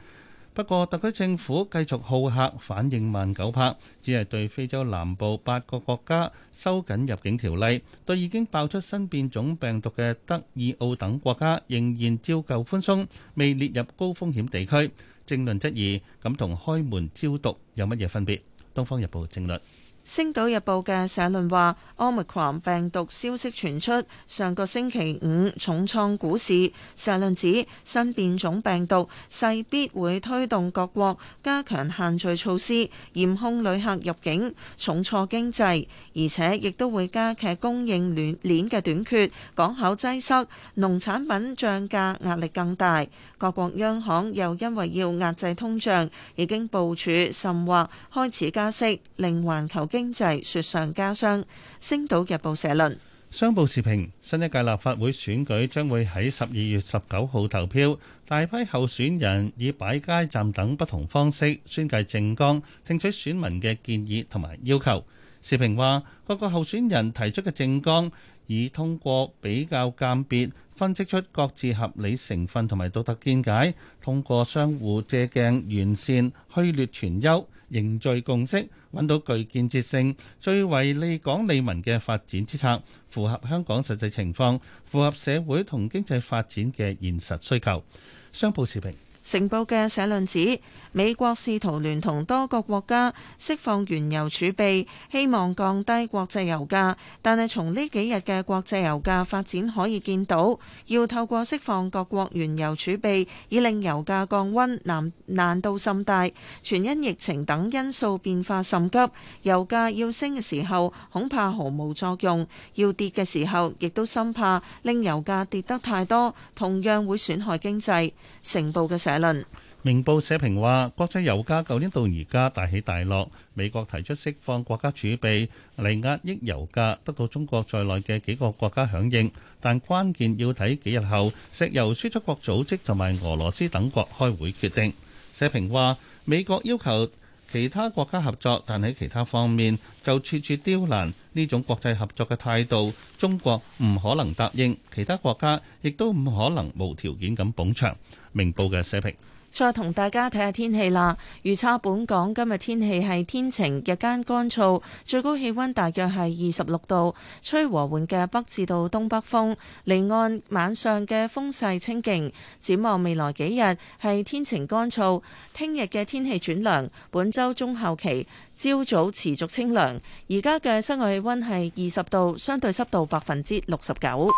不過，特區政府繼續好客，反應慢九拍，只係對非洲南部八個國家收緊入境條例，對已經爆出新變種病毒嘅德、意、奧等國家仍然照舊寬鬆，未列入高風險地區。正論質疑咁同開門招毒有乜嘢分別？東方日報政論。《星島日報》嘅社論話：Omicron 病毒消息傳出，上個星期五重創股市。社論指新變種病毒勢必會推動各國加強限聚措施，嚴控旅客入境，重挫經濟，而且亦都會加劇供應鏈嘅短缺、港口擠塞、農產品漲價壓力更大。各國央行又因為要壓制通脹，已經部署甚或開始加息，令環球經濟雪上加霜。星島日報社論。商報時評：新一屆立法會選舉將會喺十二月十九號投票，大批候選人以擺街站等不同方式宣介政綱，聽取選民嘅建議同埋要求。時評話：各個候選人提出嘅政綱，已通過比較鑑別，分析出各自合理成分同埋獨特見解，通過相互借鏡，完善虛劣存優。凝聚共識，揾到具建設性、最為利港利民嘅發展之策，符合香港實際情況，符合社會同經濟發展嘅現實需求。商報時評。成報嘅社論指，美國試圖聯同多個國家釋放原油儲備，希望降低國際油價。但係從呢幾日嘅國際油價發展可以見到，要透過釋放各國原油儲備以令油價降溫難，難難度甚大。全因疫情等因素變化甚急，油價要升嘅時候恐怕毫無作用；要跌嘅時候，亦都深怕令油價跌得太多，同樣會損害經濟。成報嘅社評論明報社評話，國際油價舊年到而家大起大落，美國提出釋放國家儲備嚟壓抑油價，得到中國在內嘅幾個國家響應，但關鍵要睇幾日後石油輸出國組織同埋俄羅斯等國開會決定。社評話，美國要求。其他國家合作，但喺其他方面就處處刁難，呢種國際合作嘅態度，中國唔可能答應，其他國家亦都唔可能無條件咁捧場。明報嘅社評。再同大家睇下天氣啦。預測本港今日天氣係天晴，日間乾燥，最高氣温大約係二十六度，吹和緩嘅北至到東北風。離岸晚上嘅風勢清勁。展望未來幾日係天晴乾燥。聽日嘅天氣轉涼，本週中後期朝早持續清涼。而家嘅室外氣温係二十度，相對濕度百分之六十九。